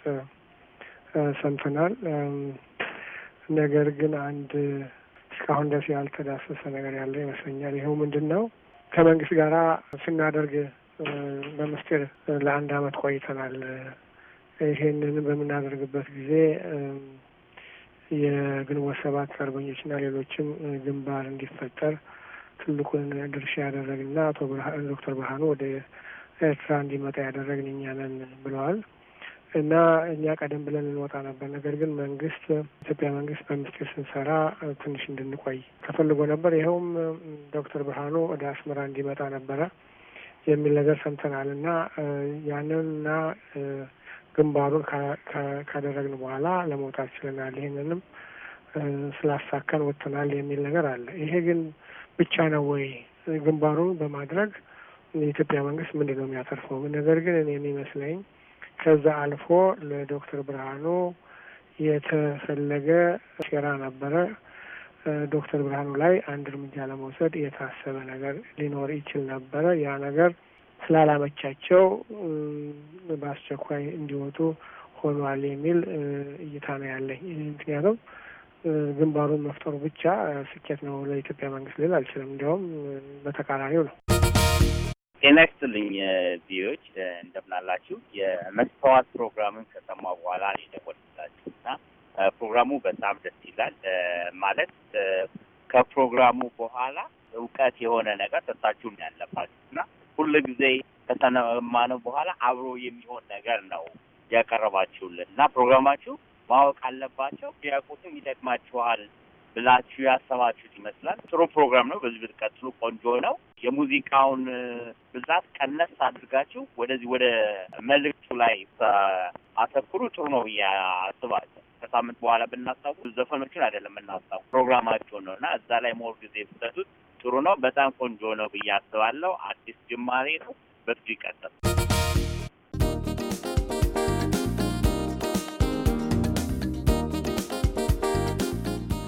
ሰምተናል። ነገር ግን አንድ እስካሁን ደስ ያልተዳሰሰ ነገር ያለ ይመስለኛል። ይኸው ምንድን ነው ከመንግስት ጋር ስናደርግ በምስጢር ለአንድ አመት ቆይተናል። ይሄንን በምናደርግበት ጊዜ የግንቦት ሰባት አርበኞችና ሌሎችም ግንባር እንዲፈጠር ትልቁን ድርሻ ያደረግና አቶ ዶክተር ብርሃኑ ወደ ኤርትራ እንዲመጣ ያደረግን እኛ ነን ብለዋል። እና እኛ ቀደም ብለን እንወጣ ነበር። ነገር ግን መንግስት ኢትዮጵያ መንግስት በምስጢር ስንሰራ ትንሽ እንድንቆይ ተፈልጎ ነበር። ይኸውም ዶክተር ብርሃኑ ወደ አስመራ እንዲመጣ ነበረ የሚል ነገር ሰምተናል እና ያንንና ግንባሩን ካደረግን በኋላ ለመውጣት ችለናል። ይህንንም ስላሳከን ወጥተናል የሚል ነገር አለ። ይሄ ግን ብቻ ነው ወይ ግንባሩን በማድረግ የኢትዮጵያ መንግስት ምንድን ነው የሚያተርፈው? ነገር ግን እኔ የሚመስለኝ ከዛ አልፎ ለዶክተር ብርሃኑ የተፈለገ ሴራ ነበረ። ዶክተር ብርሃኑ ላይ አንድ እርምጃ ለመውሰድ የታሰበ ነገር ሊኖር ይችል ነበረ። ያ ነገር ስላላመቻቸው በአስቸኳይ እንዲወጡ ሆኗል የሚል እይታ ነው ያለኝ። ምክንያቱም ግንባሩን መፍጠሩ ብቻ ስኬት ነው ለኢትዮጵያ መንግስት ልል አልችልም። እንዲያውም በተቃራኒው ነው። ጤና ይስጥልኝ ቪዎች እንደምናላችሁ። የመስተዋት ፕሮግራምን ከሰማ በኋላ እኔ ደወልኩላችሁ እና ፕሮግራሙ በጣም ደስ ይላል። ማለት ከፕሮግራሙ በኋላ እውቀት የሆነ ነገር ሰጥታችሁን ያለባችሁ እና ጊዜ ከተሰማነው በኋላ አብሮ የሚሆን ነገር ነው ያቀረባችሁልን እና ፕሮግራማችሁ ማወቅ አለባቸው ቢያውቁትም ይጠቅማችኋል ብላችሁ ያሰባችሁት ይመስላል። ጥሩ ፕሮግራም ነው። በዚህ ብትቀጥሉ ቆንጆ ነው። የሙዚቃውን ብዛት ቀነስ አድርጋችሁ ወደዚህ ወደ መልእክቱ ላይ አተኩሩ። ጥሩ ነው ብዬ አስባለሁ። ከሳምንት በኋላ ብናስታውቁ ዘፈኖቹን አይደለም እናስታውቁ ፕሮግራማቸውን ነው እና እዛ ላይ ሞር ጊዜ ፍሰቱት ጥሩ ነው። በጣም ቆንጆ ነው ብዬ አስባለሁ። አዲስ ጅማሬ ነው። በፊቱ ይቀጥል።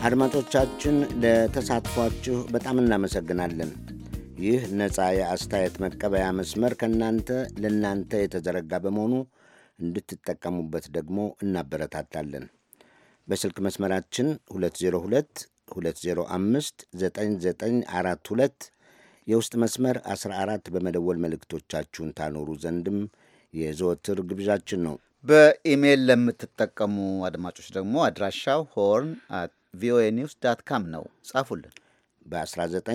አድማጮቻችን ለተሳትፏችሁ በጣም እናመሰግናለን። ይህ ነፃ የአስተያየት መቀበያ መስመር ከእናንተ ለእናንተ የተዘረጋ በመሆኑ እንድትጠቀሙበት ደግሞ እናበረታታለን። በስልክ መስመራችን 2022059942 የውስጥ መስመር 14 በመደወል መልእክቶቻችሁን ታኖሩ ዘንድም የዘወትር ግብዣችን ነው። በኢሜይል ለምትጠቀሙ አድማጮች ደግሞ አድራሻው ሆርን አት ቪኦኤ ኒውስ ዳት ካም ነው። ጻፉልን። በ19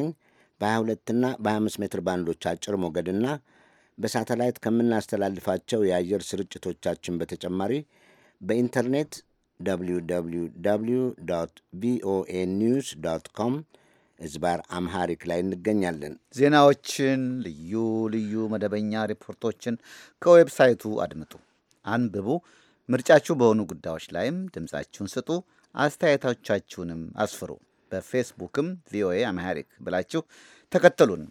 በ22ና በ25 ሜትር ባንዶች አጭር ሞገድና በሳተላይት ከምናስተላልፋቸው የአየር ስርጭቶቻችን በተጨማሪ በኢንተርኔት www ቪኦኤ ኒውስ ዶት ኮም እዝባር አምሃሪክ ላይ እንገኛለን። ዜናዎችን፣ ልዩ ልዩ መደበኛ ሪፖርቶችን ከዌብሳይቱ አድምጡ፣ አንብቡ። ምርጫችሁ በሆኑ ጉዳዮች ላይም ድምፃችሁን ስጡ። አስተያየቶቻችሁንም አስፍሩ። በፌስቡክም ቪኦኤ አምሃሪክ ብላችሁ ተከተሉን።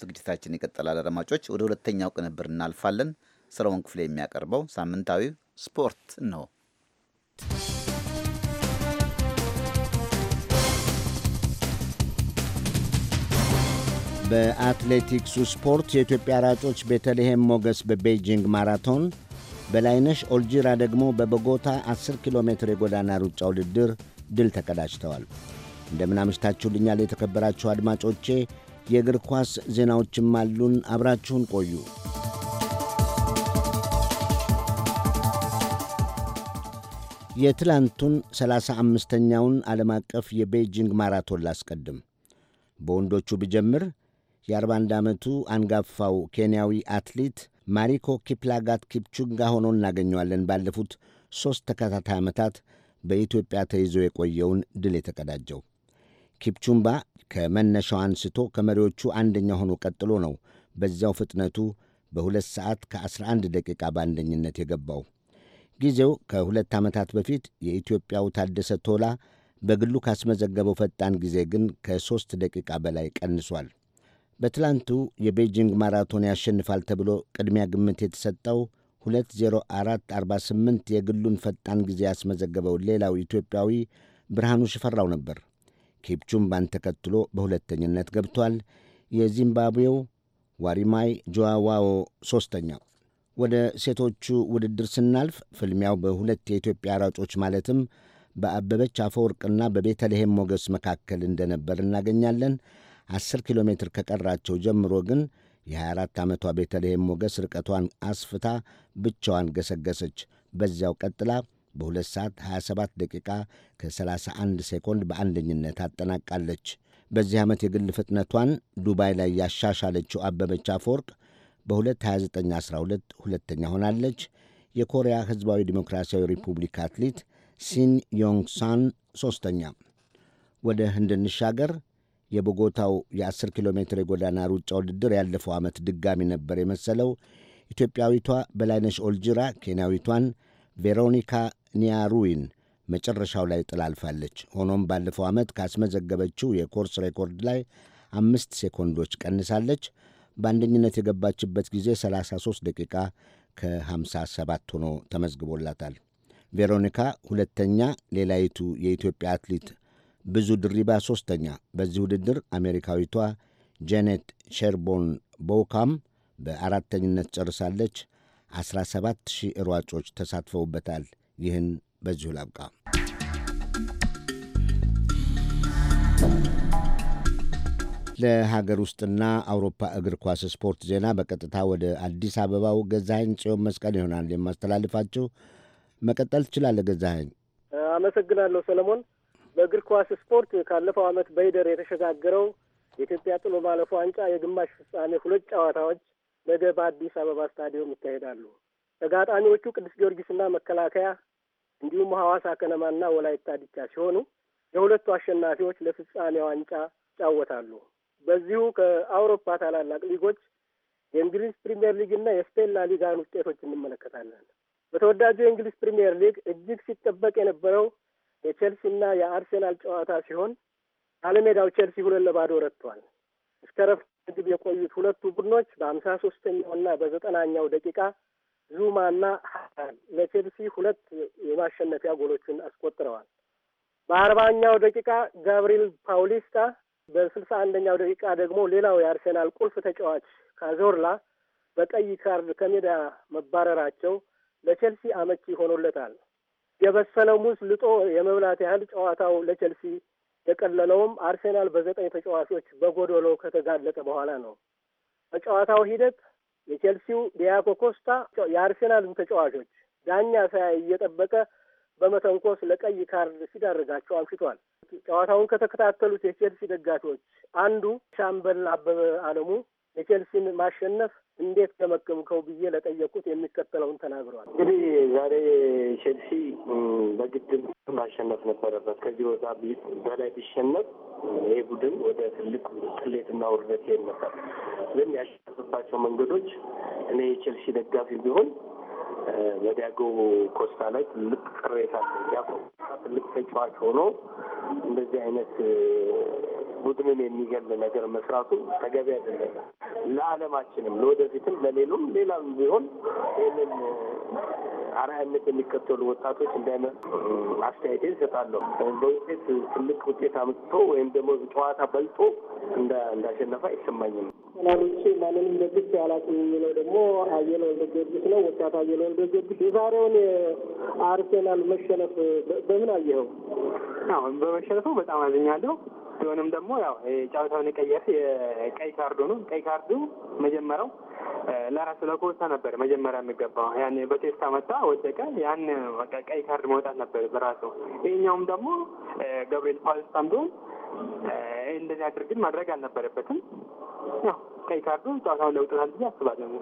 ዝግጅታችን ይቀጥላል። አድማጮች፣ ወደ ሁለተኛው ቅንብር እናልፋለን። ሰለሞን ክፍሌ የሚያቀርበው ሳምንታዊ ስፖርት ነው። በአትሌቲክሱ ስፖርት የኢትዮጵያ ራጮች ቤተልሔም ሞገስ በቤይጂንግ ማራቶን በላይነሽ ኦልጂራ ደግሞ በቦጎታ 10 ኪሎ ሜትር የጎዳና ሩጫ ውድድር ድል ተቀዳጅተዋል። እንደምን አምሽታችሁልኛል የተከበራችሁ አድማጮቼ። የእግር ኳስ ዜናዎችም አሉን። አብራችሁን ቆዩ። የትላንቱን 35ኛውን ዓለም አቀፍ የቤይጂንግ ማራቶን ላስቀድም። በወንዶቹ ብጀምር የ41 ዓመቱ አንጋፋው ኬንያዊ አትሌት ማሪኮ ኪፕላጋት ኪፕቹንጋ ሆኖ እናገኘዋለን። ባለፉት ሦስት ተከታታይ ዓመታት በኢትዮጵያ ተይዞ የቆየውን ድል የተቀዳጀው ኪፕቹምባ ከመነሻው አንስቶ ከመሪዎቹ አንደኛ ሆኖ ቀጥሎ ነው። በዚያው ፍጥነቱ በሁለት ሰዓት ከ11 ደቂቃ በአንደኝነት የገባው ጊዜው ከሁለት ዓመታት በፊት የኢትዮጵያው ታደሰ ቶላ በግሉ ካስመዘገበው ፈጣን ጊዜ ግን ከሦስት ደቂቃ በላይ ቀንሷል። በትላንቱ የቤጂንግ ማራቶን ያሸንፋል ተብሎ ቅድሚያ ግምት የተሰጠው 20448 የግሉን ፈጣን ጊዜ ያስመዘገበው ሌላው ኢትዮጵያዊ ብርሃኑ ሽፈራው ነበር። ኬፕቹምባን ተከትሎ በሁለተኝነት ገብቷል። የዚምባብዌው ዋሪማይ ጆዋዋዎ ሦስተኛው። ወደ ሴቶቹ ውድድር ስናልፍ ፍልሚያው በሁለት የኢትዮጵያ ሯጮች ማለትም በአበበች አፈወርቅና በቤተልሔም ሞገስ መካከል እንደነበር እናገኛለን። 10 ኪሎ ሜትር ከቀራቸው ጀምሮ ግን የ24 ዓመቷ ቤተልሔም ሞገስ ርቀቷን አስፍታ ብቻዋን ገሰገሰች። በዚያው ቀጥላ በ2 ሰዓት 27 ደቂቃ ከ31 ሴኮንድ በአንደኝነት አጠናቃለች። በዚህ ዓመት የግል ፍጥነቷን ዱባይ ላይ ያሻሻለችው አበበች አፈወርቅ በ22912 ሁለተኛ ሆናለች። የኮሪያ ሕዝባዊ ዲሞክራሲያዊ ሪፑብሊክ አትሌት ሲን ዮንግ ሳን ሦስተኛ። ወደ ህንድ እንሻገር። የቦጎታው የ10 ኪሎ ሜትር የጎዳና ሩጫ ውድድር ያለፈው ዓመት ድጋሚ ነበር የመሰለው። ኢትዮጵያዊቷ በላይነሽ ኦልጅራ ኬንያዊቷን ቬሮኒካ ኒያሩዊን መጨረሻው ላይ ጥላልፋለች። ሆኖም ባለፈው ዓመት ካስመዘገበችው የኮርስ ሬኮርድ ላይ አምስት ሴኮንዶች ቀንሳለች። በአንደኝነት የገባችበት ጊዜ 33 ደቂቃ ከ57 ሆኖ ተመዝግቦላታል። ቬሮኒካ ሁለተኛ፣ ሌላይቱ የኢትዮጵያ አትሌት ብዙ ድሪባ ሦስተኛ፣ በዚህ ውድድር አሜሪካዊቷ ጄኔት ሼርቦርን ቦውካም በአራተኝነት ጨርሳለች። 17 ሺህ ሯጮች ተሳትፈውበታል። ይህን በዚሁ ላብቃ። ለሀገር ውስጥና አውሮፓ እግር ኳስ ስፖርት ዜና በቀጥታ ወደ አዲስ አበባው ገዛኸኝ ጽዮን መስቀል ይሆናል የማስተላልፋችሁ። መቀጠል ትችላለህ ገዛኸኝ። አመሰግናለሁ ሰለሞን። በእግር ኳስ ስፖርት ካለፈው ዓመት በይደር የተሸጋገረው የኢትዮጵያ ጥሎ ማለፍ ዋንጫ የግማሽ ፍጻሜ ሁለት ጨዋታዎች ነገ በአዲስ አበባ ስታዲየም ይካሄዳሉ። ተጋጣሚዎቹ ቅዱስ ጊዮርጊስና መከላከያ እንዲሁም ሐዋሳ ከነማና ወላይታ ዲቻ ሲሆኑ የሁለቱ አሸናፊዎች ለፍጻሜ ዋንጫ ይጫወታሉ። በዚሁ ከአውሮፓ ታላላቅ ሊጎች የእንግሊዝ ፕሪምየር ሊግና የስፔን ላ ሊጋን ውጤቶች እንመለከታለን። በተወዳጁ የእንግሊዝ ፕሪምየር ሊግ እጅግ ሲጠበቅ የነበረው የቼልሲና የአርሴናል ጨዋታ ሲሆን አለሜዳው ቼልሲ ሁለት ለባዶ ረትቷል። እስከ ረፍት ምግብ የቆዩት ሁለቱ ቡድኖች በሀምሳ ሶስተኛውና በዘጠናኛው ደቂቃ ዙማና ሀራን ለቼልሲ ሁለት የማሸነፊያ ጎሎችን አስቆጥረዋል። በአርባኛው ደቂቃ ጋብሪል ፓውሊስታ፣ በስልሳ አንደኛው ደቂቃ ደግሞ ሌላው የአርሴናል ቁልፍ ተጫዋች ካዞርላ በቀይ ካርድ ከሜዳ መባረራቸው ለቼልሲ አመቺ ሆኖለታል። የበሰለ ሙዝ ልጦ የመብላት ያህል ጨዋታው ለቸልሲ የቀለለውም አርሴናል በዘጠኝ ተጫዋቾች በጎዶሎ ከተጋለጠ በኋላ ነው። በጨዋታው ሂደት የቼልሲው ዲያኮ ኮስታ የአርሴናልን ተጫዋቾች ዳኛ ሳያይ እየጠበቀ በመተንኮስ ለቀይ ካርድ ሲዳርጋቸው አምሽቷል። ጨዋታውን ከተከታተሉት የቼልሲ ደጋፊዎች አንዱ ሻምበል አበበ አለሙ የቼልሲን ማሸነፍ እንዴት ገመገምከው ብዬ ለጠየቁት የሚከተለውን ተናግረዋል። እንግዲህ ዛሬ ቼልሲ በግድም ማሸነፍ ነበረበት። ከዚህ ወዛ በላይ ቢሸነፍ ይሄ ቡድን ወደ ትልቅ ቅሌትና ውርደት ይሄድ ነበር። ግን ያሸነፍባቸው መንገዶች እኔ የቼልሲ ደጋፊ ቢሆን በዲያጎ ኮስታ ላይ ትልቅ ቅሬታ፣ ትልቅ ተጫዋች ሆኖ እንደዚህ አይነት ቡድንን የሚገል ነገር መስራቱ ተገቢ አይደለም። ለዓለማችንም ለወደፊትም ለሌሉም ሌላም ቢሆን ይህንን አርአያነት የሚከተሉ ወጣቶች እንዳይመጡ አስተያየቴ ይሰጣለሁ። በውጤት ትልቅ ውጤት አምጥቶ ወይም ደግሞ ጨዋታ በልጦ እንዳሸነፈ አይሰማኝም። ሰላምቼ ማንንም ደግፍ ያላት የሚለው ደግሞ አየለ ወልደ ጊዮርጊስ ነው። ወጣት አየለ ወልደ ጊዮርጊስ የዛሬውን የአርሴናል መሸነፍ በምን አየኸው? አሁን በመሸነፈው በጣም አዝኛለሁ። ቢሆንም ደግሞ ያው ጨዋታውን የቀየረ የቀይ ካርዱ ነው። ቀይ ካርዱ መጀመሪያው ለራሱ ለኮሳ ነበር መጀመሪያ የሚገባው ያን በቴስታ መታ ወደቀ። ያን ቀይ ካርድ መውጣት ነበር በራሱ ይህኛውም ደግሞ ገብርኤል ፓልስታም ቢሆን እንደዚህ አድርግን ማድረግ አልነበረበትም። ያው ቀይ ካርዱ ጨዋታውን ለውጥታል ብዬ አስባለሁ።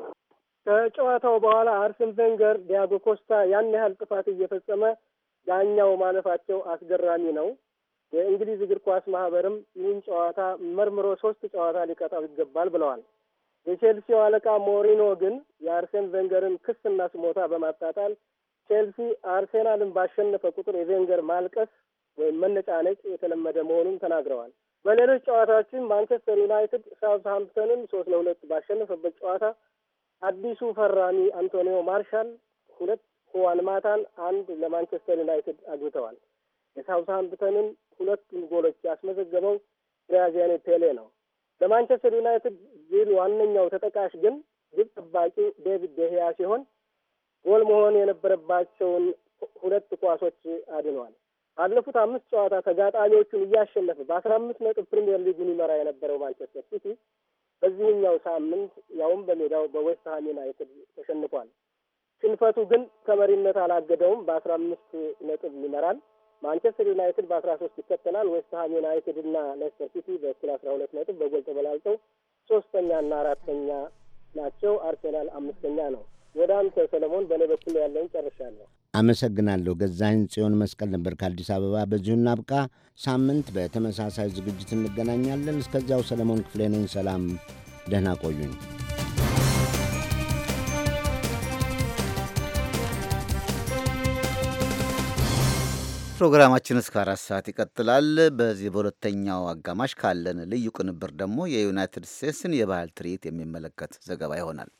ከጨዋታው በኋላ አርሰን ቬንገር ዲያጎ ኮስታ ያን ያህል ጥፋት እየፈጸመ ዳኛው ማለፋቸው አስገራሚ ነው። የእንግሊዝ እግር ኳስ ማህበርም ይህን ጨዋታ መርምሮ ሶስት ጨዋታ ሊቀጣው ይገባል ብለዋል። የቼልሲው አለቃ ሞሪኖ ግን የአርሴን ቬንገርን ክስና ስሞታ በማጣጣል ቼልሲ አርሴናልን ባሸነፈ ቁጥር የቬንገር ማልቀስ ወይም መነጫነጭ የተለመደ መሆኑን ተናግረዋል። በሌሎች ጨዋታዎችም ማንቸስተር ዩናይትድ ሳውዝሃምፕተንን ሶስት ለሁለት ባሸነፈበት ጨዋታ አዲሱ ፈራሚ አንቶኒዮ ማርሻል ሁለት ሁዋን ማታን አንድ ለማንቸስተር ዩናይትድ አግብተዋል። የሳውዝሃምፕተንን ሁለቱን ጎሎች ያስመዘገበው ግራዚያኒ ፔሌ ነው። ለማንቸስተር ዩናይትድ ድል ዋነኛው ተጠቃሽ ግን ግብ ጠባቂ ዴቪድ ደህያ ሲሆን ጎል መሆን የነበረባቸውን ሁለት ኳሶች አድኗል። ባለፉት አምስት ጨዋታ ተጋጣሚዎቹን እያሸነፈ በአስራ አምስት ነጥብ ፕሪምየር ሊጉን ይመራ የነበረው ማንቸስተር ሲቲ በዚህኛው ሳምንት ያውም በሜዳው ሃም ዩናይትድ ተሸንፏል። ሽንፈቱ ግን ከመሪነት አላገደውም። በአስራ አምስት ነጥብ ይመራል። ማንቸስተር ዩናይትድ በአስራ ሶስት ይከተላል። ዌስትሃም ዩናይትድ እና ሌስተር ሲቲ በእኩል አስራ ሁለት ነጥብ በጎል ተበላልጠው ሶስተኛና አራተኛ ናቸው። አርሴናል አምስተኛ ነው። ወደ አንተ ሰለሞን። በእኔ በኩል ያለውን ጨርሻለሁ። አመሰግናለሁ። ገዛኸኝ ጽዮን መስቀል ነበር ከአዲስ አበባ። በዚሁ እናብቃ። ሳምንት በተመሳሳይ ዝግጅት እንገናኛለን። እስከዚያው ሰለሞን ክፍሌ ነኝ። ሰላም፣ ደህና ቆዩኝ። ፕሮግራማችን እስከ አራት ሰዓት ይቀጥላል። በዚህ በሁለተኛው አጋማሽ ካለን ልዩ ቅንብር ደግሞ የዩናይትድ ስቴትስን የባህል ትርኢት የሚመለከት ዘገባ ይሆናል።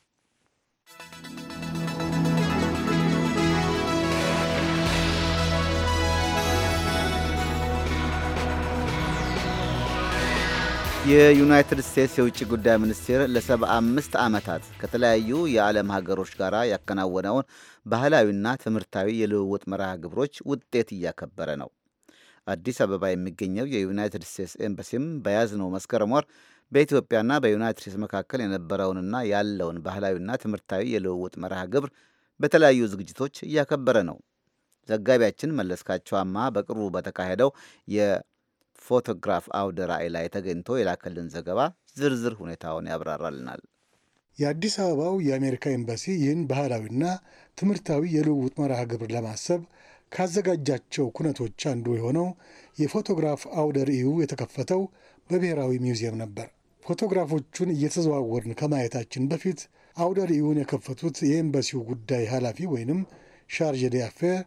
የዩናይትድ ስቴትስ የውጭ ጉዳይ ሚኒስቴር ለ75 ዓመታት ከተለያዩ የዓለም ሀገሮች ጋር ያከናወነውን ባህላዊና ትምህርታዊ የልውውጥ መርሃ ግብሮች ውጤት እያከበረ ነው። አዲስ አበባ የሚገኘው የዩናይትድ ስቴትስ ኤምባሲም በያዝነው መስከረም ወር በኢትዮጵያና በዩናይትድ ስቴትስ መካከል የነበረውንና ያለውን ባህላዊና ትምህርታዊ የልውውጥ መርሃ ግብር በተለያዩ ዝግጅቶች እያከበረ ነው። ዘጋቢያችን መለስካቸዋማ በቅርቡ በተካሄደው ፎቶግራፍ አውደ ራእይ ላይ ተገኝቶ የላከልን ዘገባ ዝርዝር ሁኔታውን ያብራራልናል። የአዲስ አበባው የአሜሪካ ኤምባሲ ይህን ባህላዊና ትምህርታዊ የልውውጥ መርሃ ግብር ለማሰብ ካዘጋጃቸው ኩነቶች አንዱ የሆነው የፎቶግራፍ አውደ ርዕዩ የተከፈተው በብሔራዊ ሚውዚየም ነበር። ፎቶግራፎቹን እየተዘዋወርን ከማየታችን በፊት አውደ ርዕዩን የከፈቱት የኤምባሲው ጉዳይ ኃላፊ ወይንም ሻርጀ ዲያፌር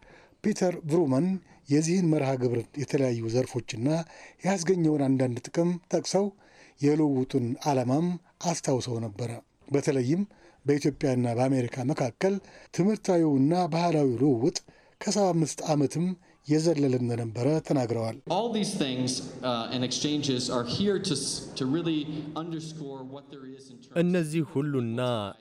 ፒተር ቭሩመን የዚህን መርሃ ግብር የተለያዩ ዘርፎችና ያስገኘውን አንዳንድ ጥቅም ጠቅሰው የልውውጡን ዓላማም አስታውሰው ነበረ። በተለይም በኢትዮጵያና በአሜሪካ መካከል ትምህርታዊውና ባህላዊ ልውውጥ ከሰባ አምስት ዓመትም የዘለለ እንደነበረ ተናግረዋል። uh, እነዚህ ሁሉና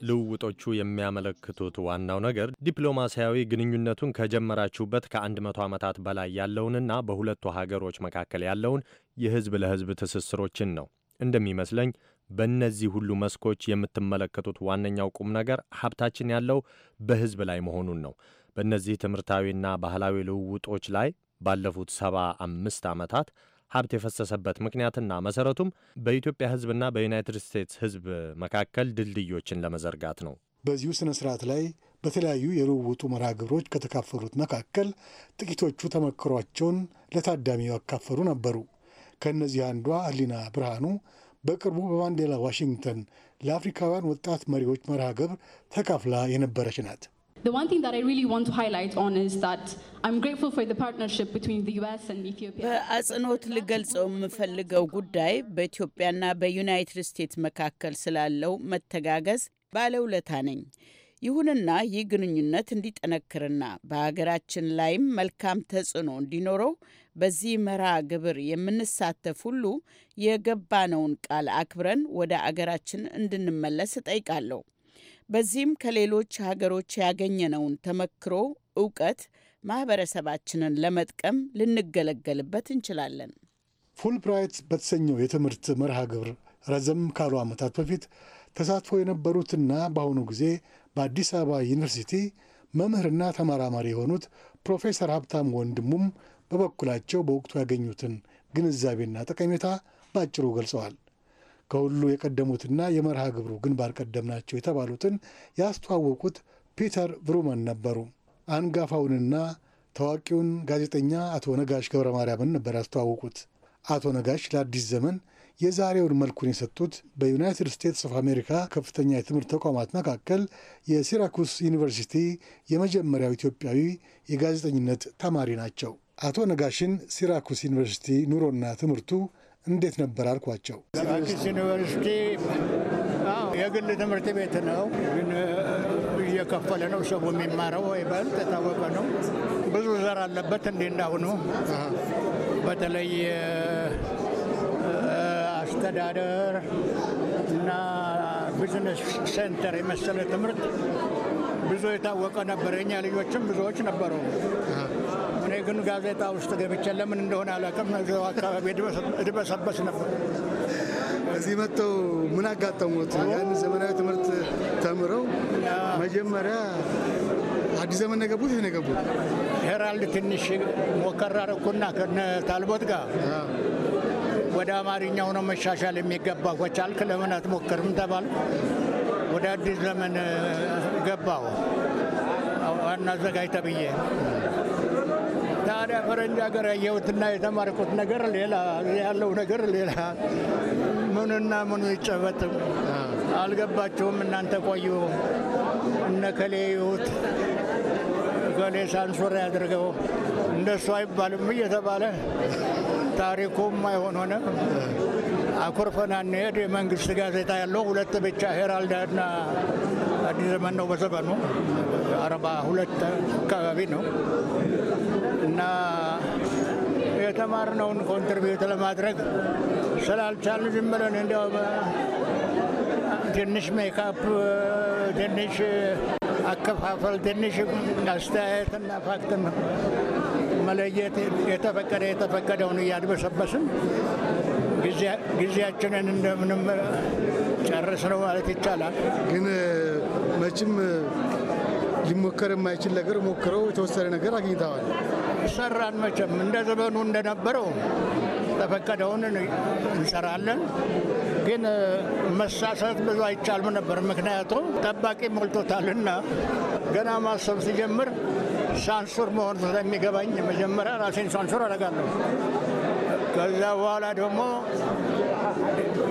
ልውውጦቹ የሚያመለክቱት ዋናው ነገር ዲፕሎማሲያዊ ግንኙነቱን ከጀመራችሁበት ከአንድ መቶ ዓመታት በላይ ያለውንና በሁለቱ ሀገሮች መካከል ያለውን የህዝብ ለህዝብ ትስስሮችን ነው። እንደሚመስለኝ በእነዚህ ሁሉ መስኮች የምትመለከቱት ዋነኛው ቁም ነገር ሀብታችን ያለው በህዝብ ላይ መሆኑን ነው። በእነዚህ ትምህርታዊና ባህላዊ ልውውጦች ላይ ባለፉት ሰባ አምስት ዓመታት ሀብት የፈሰሰበት ምክንያትና መሰረቱም በኢትዮጵያ ሕዝብና በዩናይትድ ስቴትስ ሕዝብ መካከል ድልድዮችን ለመዘርጋት ነው። በዚሁ ስነ ስርዓት ላይ በተለያዩ የልውውጡ መርሃ ግብሮች ከተካፈሉት መካከል ጥቂቶቹ ተመክሯቸውን ለታዳሚው ያካፈሉ ነበሩ። ከእነዚህ አንዷ አሊና ብርሃኑ በቅርቡ በማንዴላ ዋሽንግተን ለአፍሪካውያን ወጣት መሪዎች መርሃ ግብር ተካፍላ የነበረች ናት። The one thing that I really want to highlight on is that I'm grateful for the partnership between the US and Ethiopia. በአጽንኦት ልገልጸው የምፈልገው ጉዳይ በኢትዮጵያና በዩናይትድ ስቴትስ መካከል ስላለው መተጋገዝ ባለውለታ ነኝ። ይሁንና ይህ ግንኙነት እንዲጠነክርና በሀገራችን ላይም መልካም ተጽዕኖ እንዲኖረው በዚህ መርሃ ግብር የምንሳተፍ ሁሉ የገባነውን ቃል አክብረን ወደ አገራችን እንድንመለስ እጠይቃለሁ። በዚህም ከሌሎች ሀገሮች ያገኘነውን ተመክሮ እውቀት ማህበረሰባችንን ለመጥቀም ልንገለገልበት እንችላለን። ፉል በተሰኘው የትምህርት መርሃ ግብር ረዘም ካሉ ዓመታት በፊት ተሳትፎ የነበሩትና በአሁኑ ጊዜ በአዲስ አበባ ዩኒቨርሲቲ መምህርና ተመራማሪ የሆኑት ፕሮፌሰር ሀብታም ወንድሙም በበኩላቸው በወቅቱ ያገኙትን ግንዛቤና ጠቀሜታ በአጭሩ ገልጸዋል። ከሁሉ የቀደሙትና የመርሃ ግብሩ ግንባር ቀደም ናቸው የተባሉትን ያስተዋወቁት ፒተር ብሩመን ነበሩ። አንጋፋውንና ታዋቂውን ጋዜጠኛ አቶ ነጋሽ ገብረ ማርያምን ነበር ያስተዋወቁት። አቶ ነጋሽ ለአዲስ ዘመን የዛሬውን መልኩን የሰጡት በዩናይትድ ስቴትስ ኦፍ አሜሪካ ከፍተኛ የትምህርት ተቋማት መካከል የሲራኩስ ዩኒቨርሲቲ የመጀመሪያው ኢትዮጵያዊ የጋዜጠኝነት ተማሪ ናቸው። አቶ ነጋሽን ሲራኩስ ዩኒቨርሲቲ ኑሮና ትምህርቱ እንዴት ነበር አልኳቸው። አዲስ ዩኒቨርሲቲ የግል ትምህርት ቤት ነው፣ ግን እየከፈለ ነው ሰው የሚማረው ይበልጥ የታወቀ ነው። ብዙ ዘር አለበት እንዲህ እንዳሁኑ በተለይ አስተዳደር እና ቢዝነስ ሴንተር የመሰለ ትምህርት ብዙ የታወቀ ነበር። የኛ ልጆችም ብዙዎች ነበሩ። ግን ጋዜጣ ውስጥ ገብቼ ለምን እንደሆነ አላውቅም፣ እዚያው አካባቢ እድበሰበስ ነበር። እዚህ መጥተው ምን አጋጠሙት? ያን ዘመናዊ ትምህርት ተምረው መጀመሪያ አዲስ ዘመን ነው ይህ ይሄ ሄራልድ ትንሽ ሞከራ ረኩና ከነ ታልቦት ጋር ወደ አማርኛው ነው መሻሻል የሚገባ ኮቻልክ ለምን አትሞክርም ተባል። ወደ አዲስ ዘመን ገባው ዋና አዘጋጅ ተብዬ ታዲያ ፈረንጅ ሀገር ያየሁትና የተማርኩት ነገር ሌላ፣ ያለው ነገር ሌላ። ምኑና ምኑ ይጨበጥም አልገባችሁም። እናንተ ቆዩ እነከሌ ከሌ ይሁት ገሌ ሳንሱር ያድርገው እንደሱ አይባልም እየተባለ ታሪኩም አይሆን ሆነ። አኩርፈና አንሄድ። የመንግስት ጋዜጣ ያለው ሁለት ብቻ ሄራልድና አዲስ ዘመን ነው። በዘመኑ አርባ ሁለት አካባቢ ነው። እና የተማርነውን ኮንትሪቢዩት ለማድረግ ስላልቻልን ዝም ብለን እንዲያው ትንሽ ሜካፕ፣ ትንሽ አከፋፈል፣ ትንሽ አስተያየትና ፋክትን መለየት የተፈቀደ የተፈቀደውን እያድበሰበስን ጊዜያችንን እንደምንም ጨርስ ነው ማለት ይቻላል። ግን መቼም ሊሞከር የማይችል ነገር ሞክረው የተወሰነ ነገር አግኝተዋል። ሰራን። መቼም እንደ ዘመኑ እንደነበረው ተፈቀደውን እንሰራለን፣ ግን መሳሳት ብዙ አይቻልም ነበር። ምክንያቱም ጠባቂ ሞልቶታልና ገና ማሰብ ሲጀምር ሳንሱር መሆን ስለሚገባኝ መጀመሪያ ራሴን ሳንሱር አደርጋለሁ። ከዛ በኋላ ደግሞ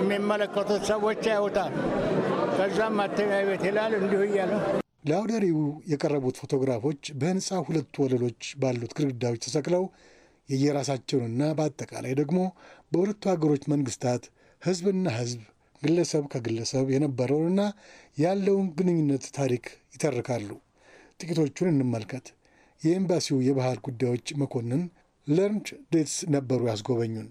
የሚመለከቱት ሰዎች ያዩታል። ከዛም ማተሚያ ቤት ይላል እንዲሁ እያለ ለአውደሪው የቀረቡት ፎቶግራፎች በህንፃ ሁለቱ ወለሎች ባሉት ግድግዳዎች ተሰቅለው የየራሳቸውንና በአጠቃላይ ደግሞ በሁለቱ ሀገሮች መንግስታት ህዝብና ህዝብ ግለሰብ ከግለሰብ የነበረውንና ያለውን ግንኙነት ታሪክ ይተርካሉ። ጥቂቶቹን እንመልከት። የኤምባሲው የባህል ጉዳዮች መኮንን ለርንድ ዴትስ ነበሩ ያስጎበኙን።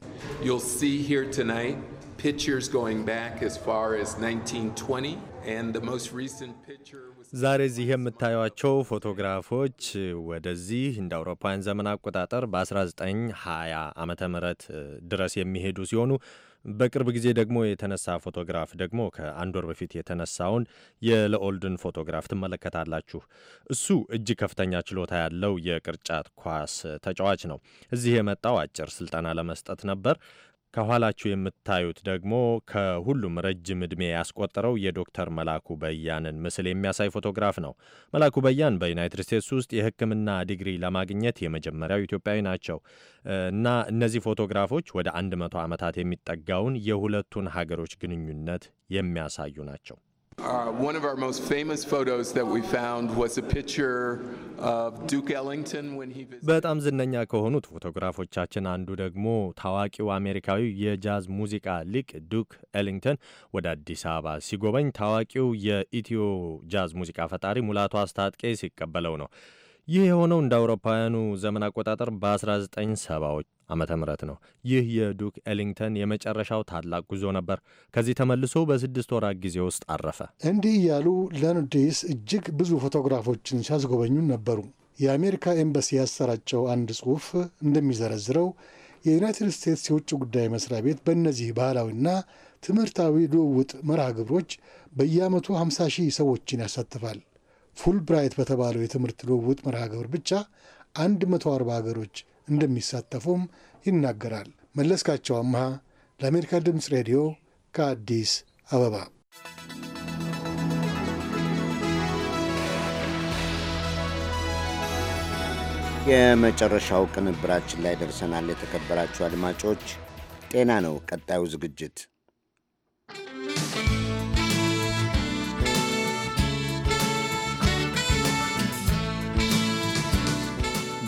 ፒክቸርስ ጎይንግ ባክ አዝ ፋር አዝ 1920 ዛሬ እዚህ የምታዩቸው ፎቶግራፎች ወደዚህ እንደ አውሮፓውያን ዘመን አቆጣጠር በ1920 ዓመተ ምህረት ድረስ የሚሄዱ ሲሆኑ በቅርብ ጊዜ ደግሞ የተነሳ ፎቶግራፍ ደግሞ ከአንድ ወር በፊት የተነሳውን የለኦልድን ፎቶግራፍ ትመለከታላችሁ። እሱ እጅግ ከፍተኛ ችሎታ ያለው የቅርጫት ኳስ ተጫዋች ነው። እዚህ የመጣው አጭር ስልጠና ለመስጠት ነበር። ከኋላችሁ የምታዩት ደግሞ ከሁሉም ረጅም ዕድሜ ያስቆጠረው የዶክተር መላኩ በያንን ምስል የሚያሳይ ፎቶግራፍ ነው። መላኩ በያን በዩናይትድ ስቴትስ ውስጥ የሕክምና ዲግሪ ለማግኘት የመጀመሪያው ኢትዮጵያዊ ናቸው እና እነዚህ ፎቶግራፎች ወደ አንድ መቶ ዓመታት የሚጠጋውን የሁለቱን ሀገሮች ግንኙነት የሚያሳዩ ናቸው። Uh, one of our most famous photos that we found was a picture of Duke Ellington when he visited. በጣም ዝነኛ ከሆኑት ፎቶግራፎቻችን አንዱ ደግሞ ታዋቂው አሜሪካዊ የጃዝ ሙዚቃ ሊቅ ዱክ ኤሊንግተን ወደ አዲስ አበባ ሲጎበኝ ታዋቂው የኢትዮ ጃዝ ሙዚቃ ፈጣሪ ሙላቱ አስታጥቄ ሲቀበለው ነው። ይህ የሆነው እንደ አውሮፓውያኑ ዘመን አቆጣጠር በ1970ዎች ዓመተ ምህረት ነው። ይህ የዱክ ኤሊንግተን የመጨረሻው ታላቅ ጉዞ ነበር። ከዚህ ተመልሶ በስድስት ወራት ጊዜ ውስጥ አረፈ። እንዲህ እያሉ ለንዴስ እጅግ ብዙ ፎቶግራፎችን ሲያስጎበኙን ነበሩ። የአሜሪካ ኤምባሲ ያሰራጨው አንድ ጽሑፍ እንደሚዘረዝረው የዩናይትድ ስቴትስ የውጭ ጉዳይ መስሪያ ቤት በእነዚህ ባህላዊና ትምህርታዊ ልውውጥ መርሃ ግብሮች በየዓመቱ 50 ሺህ ሰዎችን ያሳትፋል። ፉል ብራይት በተባለው የትምህርት ልውውጥ መርሃ ግብር ብቻ 140 ሀገሮች እንደሚሳተፉም ይናገራል። መለስካቸው አምሃ ለአሜሪካ ድምፅ ሬዲዮ ከአዲስ አበባ። የመጨረሻው ቅንብራችን ላይ ደርሰናል። የተከበራችሁ አድማጮች ጤና ነው ቀጣዩ ዝግጅት።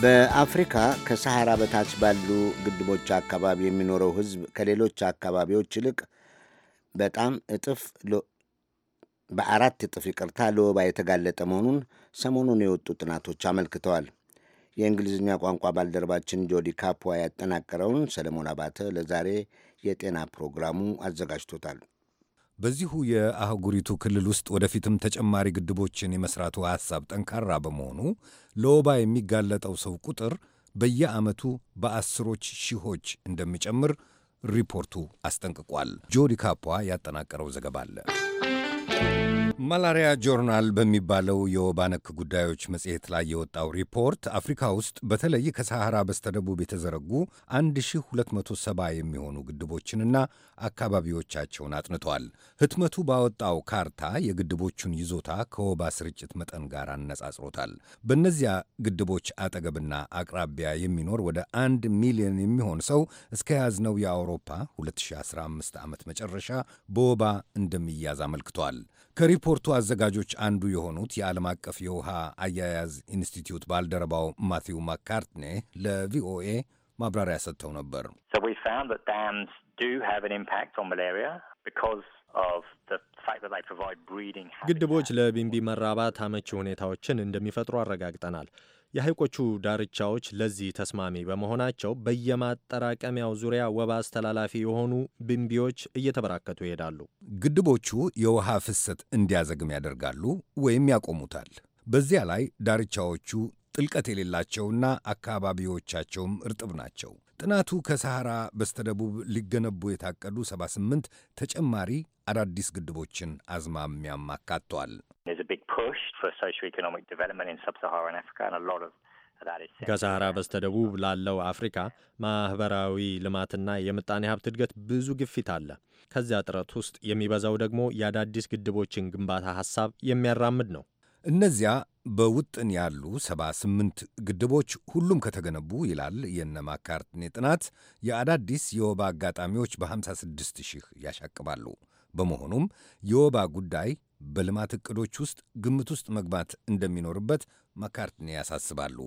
በአፍሪካ ከሰሐራ በታች ባሉ ግድቦች አካባቢ የሚኖረው ሕዝብ ከሌሎች አካባቢዎች ይልቅ በጣም እጥፍ በአራት እጥፍ ይቅርታ ለወባ የተጋለጠ መሆኑን ሰሞኑን የወጡ ጥናቶች አመልክተዋል። የእንግሊዝኛ ቋንቋ ባልደረባችን ጆዲ ካፖዋ ያጠናቀረውን ሰለሞን አባተ ለዛሬ የጤና ፕሮግራሙ አዘጋጅቶታል። በዚሁ የአህጉሪቱ ክልል ውስጥ ወደፊትም ተጨማሪ ግድቦችን የመስራቱ ሐሳብ ጠንካራ በመሆኑ ለወባ የሚጋለጠው ሰው ቁጥር በየዓመቱ በአስሮች ሺዎች እንደሚጨምር ሪፖርቱ አስጠንቅቋል። ጆዲ ካፖ ያጠናቀረው ዘገባ አለ። ማላሪያ ጆርናል በሚባለው የወባ ነክ ጉዳዮች መጽሔት ላይ የወጣው ሪፖርት አፍሪካ ውስጥ በተለይ ከሳሐራ በስተደቡብ የተዘረጉ 1270 የሚሆኑ ግድቦችንና አካባቢዎቻቸውን አጥንቷል። ህትመቱ ባወጣው ካርታ የግድቦቹን ይዞታ ከወባ ስርጭት መጠን ጋር አነጻጽሮታል። በእነዚያ ግድቦች አጠገብና አቅራቢያ የሚኖር ወደ አንድ ሚሊዮን የሚሆን ሰው እስከ ያዝነው የአውሮፓ 2015 ዓመት መጨረሻ በወባ እንደሚያዝ አመልክቷል። ከሪፖርቱ አዘጋጆች አንዱ የሆኑት የዓለም አቀፍ የውሃ አያያዝ ኢንስቲትዩት ባልደረባው ማቲው ማካርትኔ ለቪኦኤ ማብራሪያ ሰጥተው ነበር። ግድቦች ለቢንቢ መራባት አመቺ ሁኔታዎችን እንደሚፈጥሩ አረጋግጠናል። የሐይቆቹ ዳርቻዎች ለዚህ ተስማሚ በመሆናቸው በየማጠራቀሚያው ዙሪያ ወባ አስተላላፊ የሆኑ ብንቢዎች እየተበራከቱ ይሄዳሉ። ግድቦቹ የውሃ ፍሰት እንዲያዘግም ያደርጋሉ ወይም ያቆሙታል። በዚያ ላይ ዳርቻዎቹ ጥልቀት የሌላቸውና አካባቢዎቻቸውም እርጥብ ናቸው። ጥናቱ ከሰሐራ በስተደቡብ ሊገነቡ የታቀዱ 78 ተጨማሪ አዳዲስ ግድቦችን አዝማሚያም አካቷል። pushed for socio-economic development in sub-Saharan Africa and a lot of ከሰሃራ በስተደቡብ ላለው አፍሪካ ማኅበራዊ ልማትና የምጣኔ ሀብት እድገት ብዙ ግፊት አለ። ከዚያ ጥረት ውስጥ የሚበዛው ደግሞ የአዳዲስ ግድቦችን ግንባታ ሐሳብ የሚያራምድ ነው። እነዚያ በውጥን ያሉ 78 ግድቦች ሁሉም ከተገነቡ ይላል የነ ማካርትኔ ጥናት የአዳዲስ የወባ አጋጣሚዎች በ56 ሺህ ያሻቅባሉ። በመሆኑም የወባ ጉዳይ በልማት እቅዶች ውስጥ ግምት ውስጥ መግባት እንደሚኖርበት መካርትኔ ያሳስባሉ።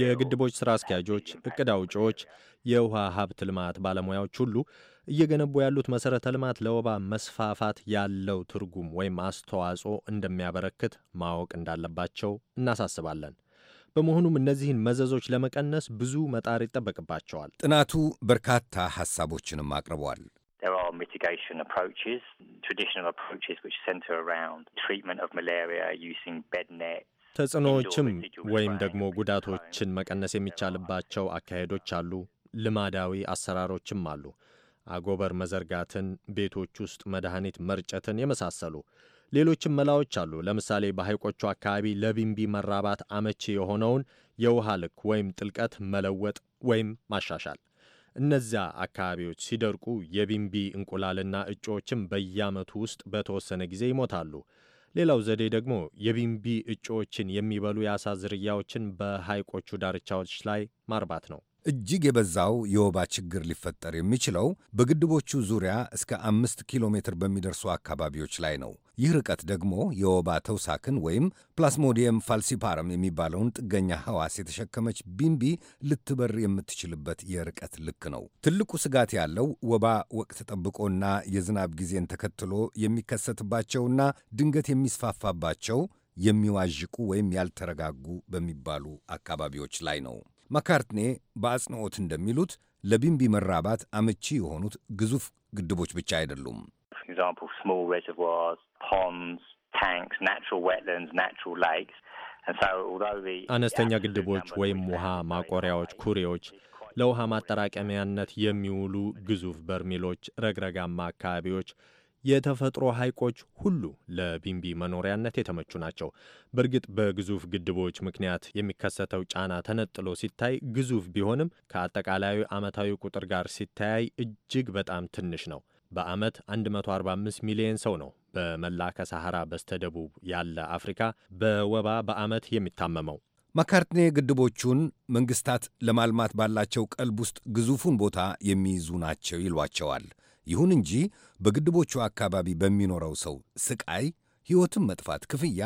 የግድቦች ስራ አስኪያጆች፣ እቅድ አውጪዎች፣ የውሃ ሀብት ልማት ባለሙያዎች ሁሉ እየገነቡ ያሉት መሰረተ ልማት ለወባ መስፋፋት ያለው ትርጉም ወይም አስተዋጽኦ እንደሚያበረክት ማወቅ እንዳለባቸው እናሳስባለን። በመሆኑም እነዚህን መዘዞች ለመቀነስ ብዙ መጣር ይጠበቅባቸዋል። ጥናቱ በርካታ ሀሳቦችንም አቅርቧል። ተጽዕኖዎችም ወይም ደግሞ ጉዳቶችን መቀነስ የሚቻልባቸው አካሄዶች አሉ። ልማዳዊ አሰራሮችም አሉ። አጎበር መዘርጋትን፣ ቤቶች ውስጥ መድኃኒት መርጨትን የመሳሰሉ ሌሎችም መላዎች አሉ። ለምሳሌ በሐይቆቹ አካባቢ ለቢንቢ መራባት አመቺ የሆነውን የውሃ ልክ ወይም ጥልቀት መለወጥ ወይም ማሻሻል። እነዚያ አካባቢዎች ሲደርቁ የቢንቢ እንቁላልና እጩዎችም በየዓመቱ ውስጥ በተወሰነ ጊዜ ይሞታሉ። ሌላው ዘዴ ደግሞ የቢንቢ እጩዎችን የሚበሉ የአሳ ዝርያዎችን በሐይቆቹ ዳርቻዎች ላይ ማርባት ነው። እጅግ የበዛው የወባ ችግር ሊፈጠር የሚችለው በግድቦቹ ዙሪያ እስከ አምስት ኪሎ ሜትር በሚደርሱ አካባቢዎች ላይ ነው። ይህ ርቀት ደግሞ የወባ ተውሳክን ወይም ፕላስሞዲየም ፋልሲፓረም የሚባለውን ጥገኛ ሕዋስ የተሸከመች ቢምቢ ልትበር የምትችልበት የርቀት ልክ ነው። ትልቁ ስጋት ያለው ወባ ወቅት ጠብቆና የዝናብ ጊዜን ተከትሎ የሚከሰትባቸውና ድንገት የሚስፋፋባቸው የሚዋዥቁ ወይም ያልተረጋጉ በሚባሉ አካባቢዎች ላይ ነው። ማካርትኔ በአጽንኦት እንደሚሉት ለቢምቢ መራባት አመቺ የሆኑት ግዙፍ ግድቦች ብቻ አይደሉም። አነስተኛ ግድቦች ወይም ውሃ ማቆሪያዎች፣ ኩሬዎች፣ ለውሃ ማጠራቀሚያነት የሚውሉ ግዙፍ በርሜሎች፣ ረግረጋማ አካባቢዎች የተፈጥሮ ሐይቆች ሁሉ ለቢምቢ መኖሪያነት የተመቹ ናቸው። በእርግጥ በግዙፍ ግድቦች ምክንያት የሚከሰተው ጫና ተነጥሎ ሲታይ ግዙፍ ቢሆንም ከአጠቃላዩ ዓመታዊ ቁጥር ጋር ሲተያይ እጅግ በጣም ትንሽ ነው። በዓመት 145 ሚሊዮን ሰው ነው በመላ ከሳሐራ በስተደቡብ ያለ አፍሪካ በወባ በዓመት የሚታመመው። ማካርትኔ ግድቦቹን መንግስታት ለማልማት ባላቸው ቀልብ ውስጥ ግዙፉን ቦታ የሚይዙ ናቸው ይሏቸዋል። ይሁን እንጂ በግድቦቹ አካባቢ በሚኖረው ሰው ስቃይ፣ ሕይወትም መጥፋት፣ ክፍያ፣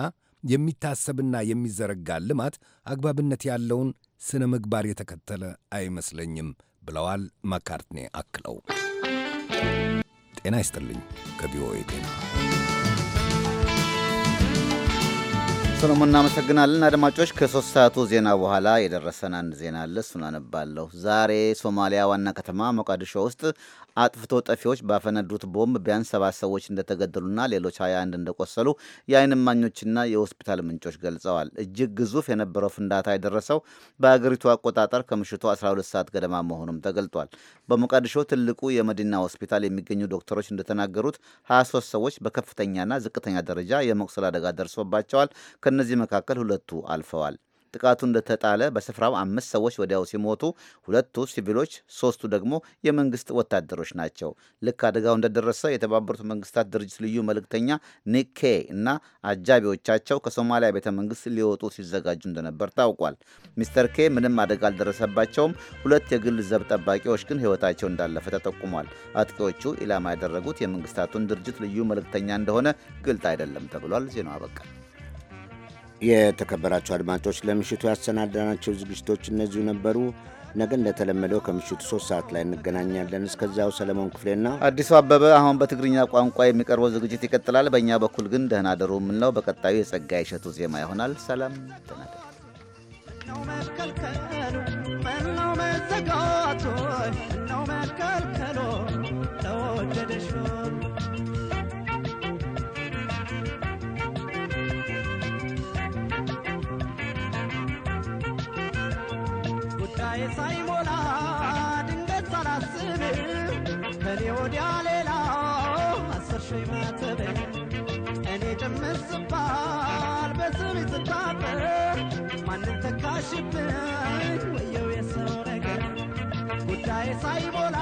የሚታሰብና የሚዘረጋ ልማት አግባብነት ያለውን ስነ ምግባር የተከተለ አይመስለኝም ብለዋል ማካርትኔ አክለው። ጤና ይስጥልኝ። ከቪኦኤ ጤና ሰሎሞን እናመሰግናለን። አድማጮች ከሶስት ሰዓቱ ዜና በኋላ የደረሰን አንድ ዜና አለ። እሱን አነባለሁ። ዛሬ ሶማሊያ ዋና ከተማ ሞቃዲሾ ውስጥ አጥፍቶ ጠፊዎች ባፈነዱት ቦምብ ቢያንስ ሰባት ሰዎች እንደተገደሉና ሌሎች 21 እንደቆሰሉ የዓይን እማኞችና የሆስፒታል ምንጮች ገልጸዋል። እጅግ ግዙፍ የነበረው ፍንዳታ የደረሰው በአገሪቱ አቆጣጠር ከምሽቱ 12 ሰዓት ገደማ መሆኑም ተገልጧል። በሞቃዲሾ ትልቁ የመዲና ሆስፒታል የሚገኙ ዶክተሮች እንደተናገሩት 23 ሰዎች በከፍተኛና ዝቅተኛ ደረጃ የመቁሰል አደጋ ደርሶባቸዋል። ከእነዚህ መካከል ሁለቱ አልፈዋል። ጥቃቱ እንደተጣለ በስፍራው አምስት ሰዎች ወዲያው ሲሞቱ፣ ሁለቱ ሲቪሎች፣ ሶስቱ ደግሞ የመንግስት ወታደሮች ናቸው። ልክ አደጋው እንደደረሰ የተባበሩት መንግስታት ድርጅት ልዩ መልእክተኛ ኒኬ እና አጃቢዎቻቸው ከሶማሊያ ቤተ መንግስት ሊወጡ ሲዘጋጁ እንደነበር ታውቋል። ሚስተር ኬ ምንም አደጋ አልደረሰባቸውም። ሁለት የግል ዘብ ጠባቂዎች ግን ህይወታቸው እንዳለፈ ተጠቁሟል። አጥቂዎቹ ኢላማ ያደረጉት የመንግስታቱን ድርጅት ልዩ መልእክተኛ እንደሆነ ግልጥ አይደለም ተብሏል። ዜናው አበቃ። የተከበራቸው አድማጮች ለምሽቱ ያሰናዳናቸው ዝግጅቶች እነዚሁ ነበሩ። ነገ እንደተለመደው ከምሽቱ ሶስት ሰዓት ላይ እንገናኛለን። እስከዚያው ሰለሞን ክፍሌና አዲሱ አበበ። አሁን በትግርኛ ቋንቋ የሚቀርበው ዝግጅት ይቀጥላል። በእኛ በኩል ግን ደህና ደሩ የምንለው በቀጣዩ የጸጋ ይሸቱ ዜማ ይሆናል። ሰላም ተናደ መከልከሉ ተስፋዬ ሳይሞላ ድንገት ሳላስብ ከኔ ወዲያ ሌላ አስር ሺህ ማተብ እኔ ጭምር ስባል በስሜ ስታበር ማንን ተካሽብኝ ወየው የሰው ነገር ጉዳዬ ሳይሞላ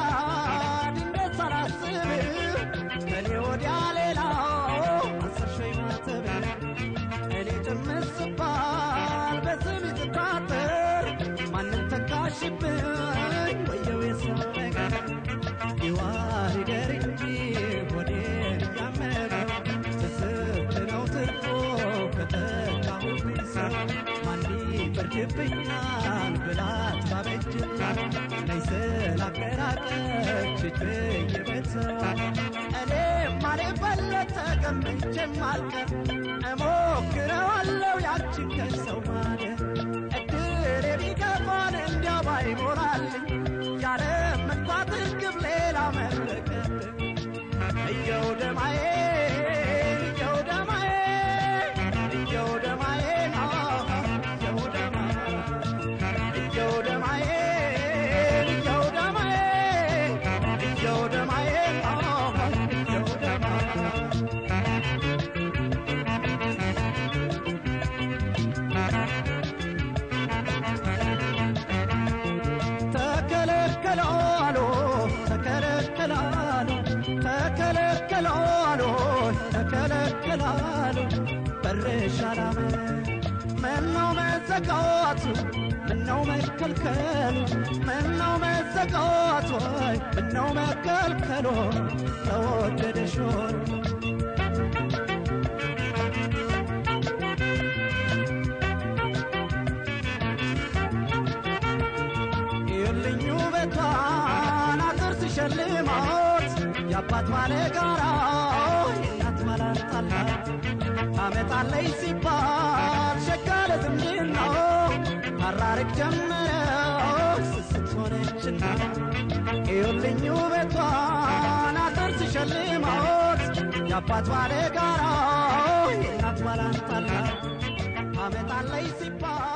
ይልቅብኛል ብላት ባበጅላት ነይ ስላቀራቀች በየቤተሰዋ እኔም አልበለት ተቀምቼም አልቀር እሞክረዋለው ያችን ከሰው ማለ እድር የሚገባን እንዲያ ባይሞላልኝ መዘጋት ምነው መከልከል ምነው መዘጋት ወይ ምነው መከልከሎ ይልኝ ውበቷን አጥር ሲሸልማት የአባት ባለጋራ እናት ማላጣላት ታመጣለች ሲባል ማረግ ጀመረ ስስት ሆነችና ይኸውልኝ ውበቷን አጥር ትሸልማት የአባት ጋራ የእናት ባላንጣላ አመጣለይ ሲባል